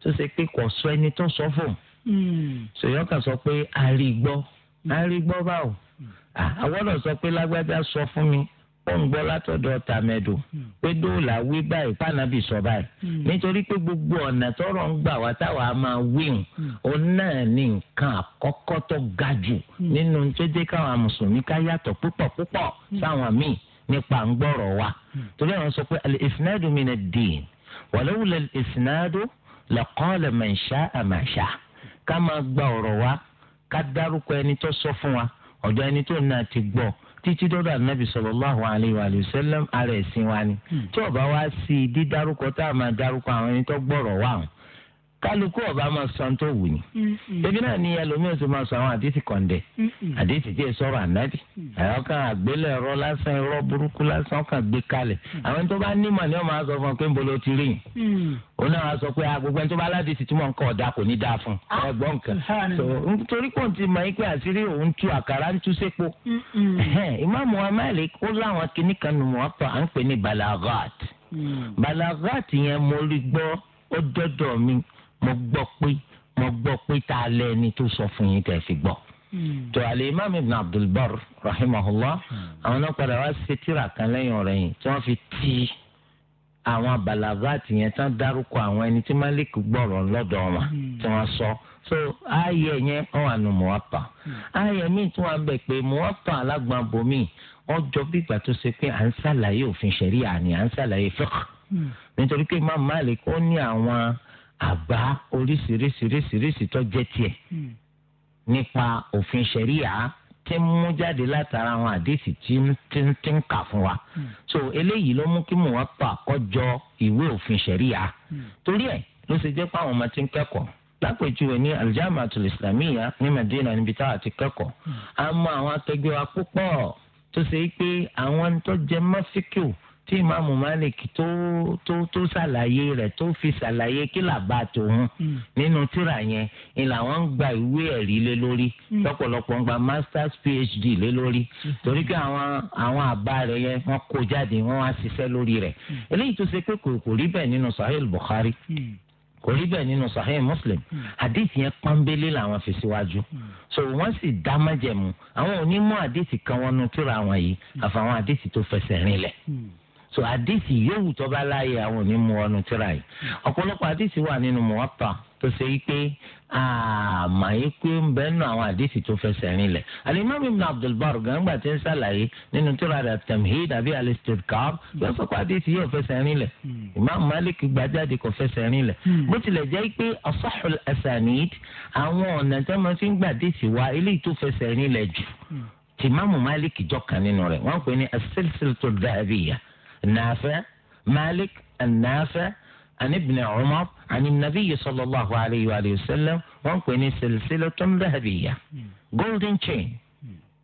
tó ṣe pé kò sọ ẹni tó sọ fún un. sèyọ́kà sọ pé àrígbọ́ àrígbọ́ báwo àwọn náà sọ pé lágbájá sọ fún mi ó ń gbọ́ látọ̀dọ̀ tàmẹ́dù hmm. pé dóòlà wí báyìí pànàbì sọ báyìí hmm. nítorí pé gbogbo ọ̀nà tọ́rọ̀ ń gbà wá táwa máa wíhùn hmm. òun náà ní nǹkan àkọ́kọ́ tó ga jù nínú tó jẹ́ káwọn mùsùlùmí ká yàtọ̀ púpọ̀ púpọ̀ sáwọn míì nípa ń gbọ́rọ̀ wa torí àwọn sọ pé al-isnadu min ad-din wa lawla al-isnadu laqala man sha'a ma sha'a ká máa gba ọ̀rọ̀ wa ká dárúkọ ẹni tó sọ fún wa ọ̀dọ̀ ẹni tó náà ti gbọ́ títí dọ́dọ̀ ànábì sallallahu alayhi wa sallam ara ẹ̀sìn wa ni hmm. tí ó bá wá sí dídárúkọ tá a máa dárúkọ àwọn ẹni tó gbọ́rọ̀ wà wọn kálukú ọba máa sọ tó wù ní. ebi náà ni ẹlòmíràn ti máa sọ àwọn àdìsí kọ̀ǹdẹ̀ àdìsí tí ì sọ̀rọ̀ ànábì àwọn kan àgbélẹ̀ ẹ̀rọ lásán ẹ̀rọ burúkú lásán kan gbé kalẹ̀ àwọn tó bá nímọ̀ ni wọ́n máa sọ fún ọ pé ń bolo ti rí yìí. òun náà sọ pé agbègbè tó bá aládìsí tí mò ń kọ́ ọ̀dà kò ní dáa fún ah, ẹgbọ́n nǹkan. torí kò ti mọ̀ pé àṣírí òun tu àkàrà ń tu sépo. ìmáàmù amáìlè kó láwọn balagat. Mm. balagat yẹn mo rí gbọ́ mo gbọ́ pé mo gbọ́ pé tá a lẹ ẹni tó sọ fún yín tẹ̀ fi gbọ́. Hmm. tó àlè imáàmù ibn abdulbar rahimahullah hmm. àwọn náà padà wá ṣe tíra kan lẹ́yìn ọ̀rẹ́ yìí tí wọ́n fi ti àwọn balagati yẹn tán dárúkọ àwọn ẹni tí malik gbọ́rọ̀ lọ́dọ̀ wọn hmm. tí wọ́n sọ so ààyè yẹn wọn ànú mọ́wápà ààyè míì tí wọ́n bẹ̀ pé mọ́wápà alágbàbomi ọjọ́ bígbà tó ṣe pé à ń ṣàlàyé òfin ṣẹ̀ríà ni à ń ṣàlàyé fiqh nítorí pé imam malik ó ní àwọn àbá oríṣiríṣiríṣiríṣi tó jẹ́ tiẹ̀ hmm. nípa òfin ṣẹ̀ríyà tí ń mú jáde látara àwọn àdéhìí tí ń tí ń kà fún wa. Hmm. so eléyìí ló mú kí Muwatta àkọ́jọ ìwé òfin ṣẹ̀ríyà. Hmm. torí ẹ̀ ló ṣe jẹ́ pé àwọn ọmọ ti ń kẹ́kọ̀ọ́ lápèjúwe ní aljamiatul islamiyya ní Madina níbi táwa ti kẹ́kọ̀ọ́ a mọ àwọn akẹgbẹ́ wa púpọ̀ tó ṣe é pé àwọn tó jẹ mọ́síkìl tí ìmáàmù Malik tó tó tó ṣàlàyé rẹ̀ tó fi ṣàlàyé kí làbá tòun hmm. nínú tíra yẹn ni làwọn ń gba ìwé ẹ̀rí lé lórí hmm. lọ́pọ̀lọpọ̀ ń gba masters phd lé lórí hmm. torí pé àwọn àwọn àbá rẹ̀ yẹn wọ́n kó jáde wọ́n wá ṣiṣẹ́ lórí rẹ̀ eléyìí tó ṣe pé kò rí bẹ́ẹ̀ nínú Sahih Bukhari kò rí bẹ́ẹ̀ nínú Sahih Muslim hadith yẹn pọ́nbélé làwọn fi síwájú so wọ́n sì dá májẹ̀mú àwọn onímọ̀ hadith kan wọnú tíra wọn yìí àfàwọn hadith tó fẹsẹ̀ rinlẹ̀ so àdìsí yóò tó bá láàyè àwọn òní mu ọnu tíra yìí ọ̀pọ̀lọpọ̀ àdìsí wà nínú muwapa tó ṣe yí pé àmà yìí pé ń bẹ́ẹ̀ nù àwọn àdìsí tó fẹsẹ̀ rinlẹ̀ alimam ibn abdulbar gangba ti ń ṣàlàyé nínú tíra rẹ̀ tamhid àbí al-istidkar yóò sọ pé àdìsí yóò fẹsẹ̀ rinlẹ̀ hmm. imam malik gbajáde kò fẹsẹ̀ rinlẹ̀ hmm. bó tilẹ̀ jẹ́ pé asahul asanid àwọn ọ̀nà tí wọ́n ti ń gbàdìsí wa eléyìí tó fẹsẹ̀ rinlẹ̀ jù hmm. tìmáàmù nínú rẹ̀ wọ́n pè ní asilsilatu dhahabiyya نافع مالك النافع عن ابن عمر عن النبي صلى الله عليه وآله وسلم وانكوين سلسلة ذهبية golden chain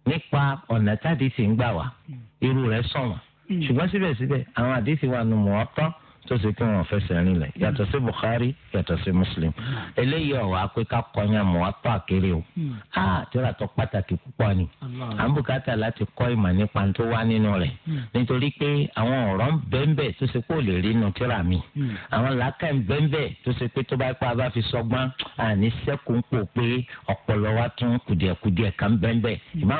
nípa ọ̀nà tádìsí ń gbà wá irú rẹ̀ sọ̀wọ́n ṣùgbọ́n síbẹ̀síbẹ̀ àwọn àdìsí wa nù mọ́ ọ́ tán tó ṣe kí wọn fẹsẹ̀ rìn yàtọ̀ sí Bukhari yàtọ̀ sí Muslim eléyìí ọ̀wọ́ apẹ́ ká kọ́nyà mọ́ apá àkéré o a hmm. tíra tó pàtàkì púpọ̀ ni à ń bùkátà láti kọ́ ìmọ̀ nípa tó wá nínú rẹ̀ hmm. nítorí pé àwọn ọ̀rọ̀ ń bẹ́ńbẹ́ tó ṣe pé lè rí inú tíra mi hmm. àwọn làákà ń bẹ́ńbẹ́ tó ṣe pé tó bá pa bá fi sọgbọ́n àní sẹ́kù ń pò pé ọpọlọ wa tún kùdìẹ̀kùdìẹ̀ kan bẹ́ńbẹ́ Imam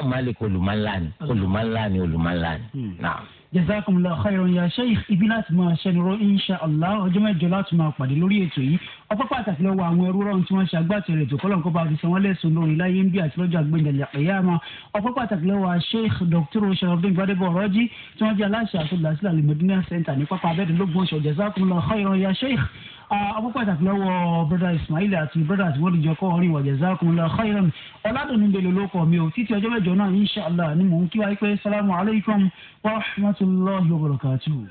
jazakumullahu khairan ya sheikh ibi láti máa ṣẹnuró insha allah ọjọ́ mẹ́jọ láti máa pàdé lórí ètò yìí ọpẹ́ pàtàkì lọ́wọ́ àwọn ẹrú rọrùn tí wọ́n ṣe agbátẹrẹ ètò kọ́lọ́n kọ́ba àti sanwó lẹ́sùn lórí láyé ń bí àti lọ́jọ́ àgbẹ̀dẹ̀lẹ̀ ẹ̀yàmà ọpẹ́ pàtàkì lọ́wọ́ sheikh dr sharafdin gbadebo ọ̀rọ́jì tí wọ́n jẹ́ aláṣẹ àti olùdásílẹ̀ alimọ̀dúnà center ní ọpọ́ pàtàkì lọ́wọ́ broda ismail àti broda àti wọ́n dìjọ kọ́ orin jazakumullahu khairan ọ̀làdùnní bèlè ló kọ́ mi ò títí ọjọ́ mẹ́jọ náà inshallah ni mò ń kí wáyé pé salamu alaykum wa rahmatulahi wa barakatuhu.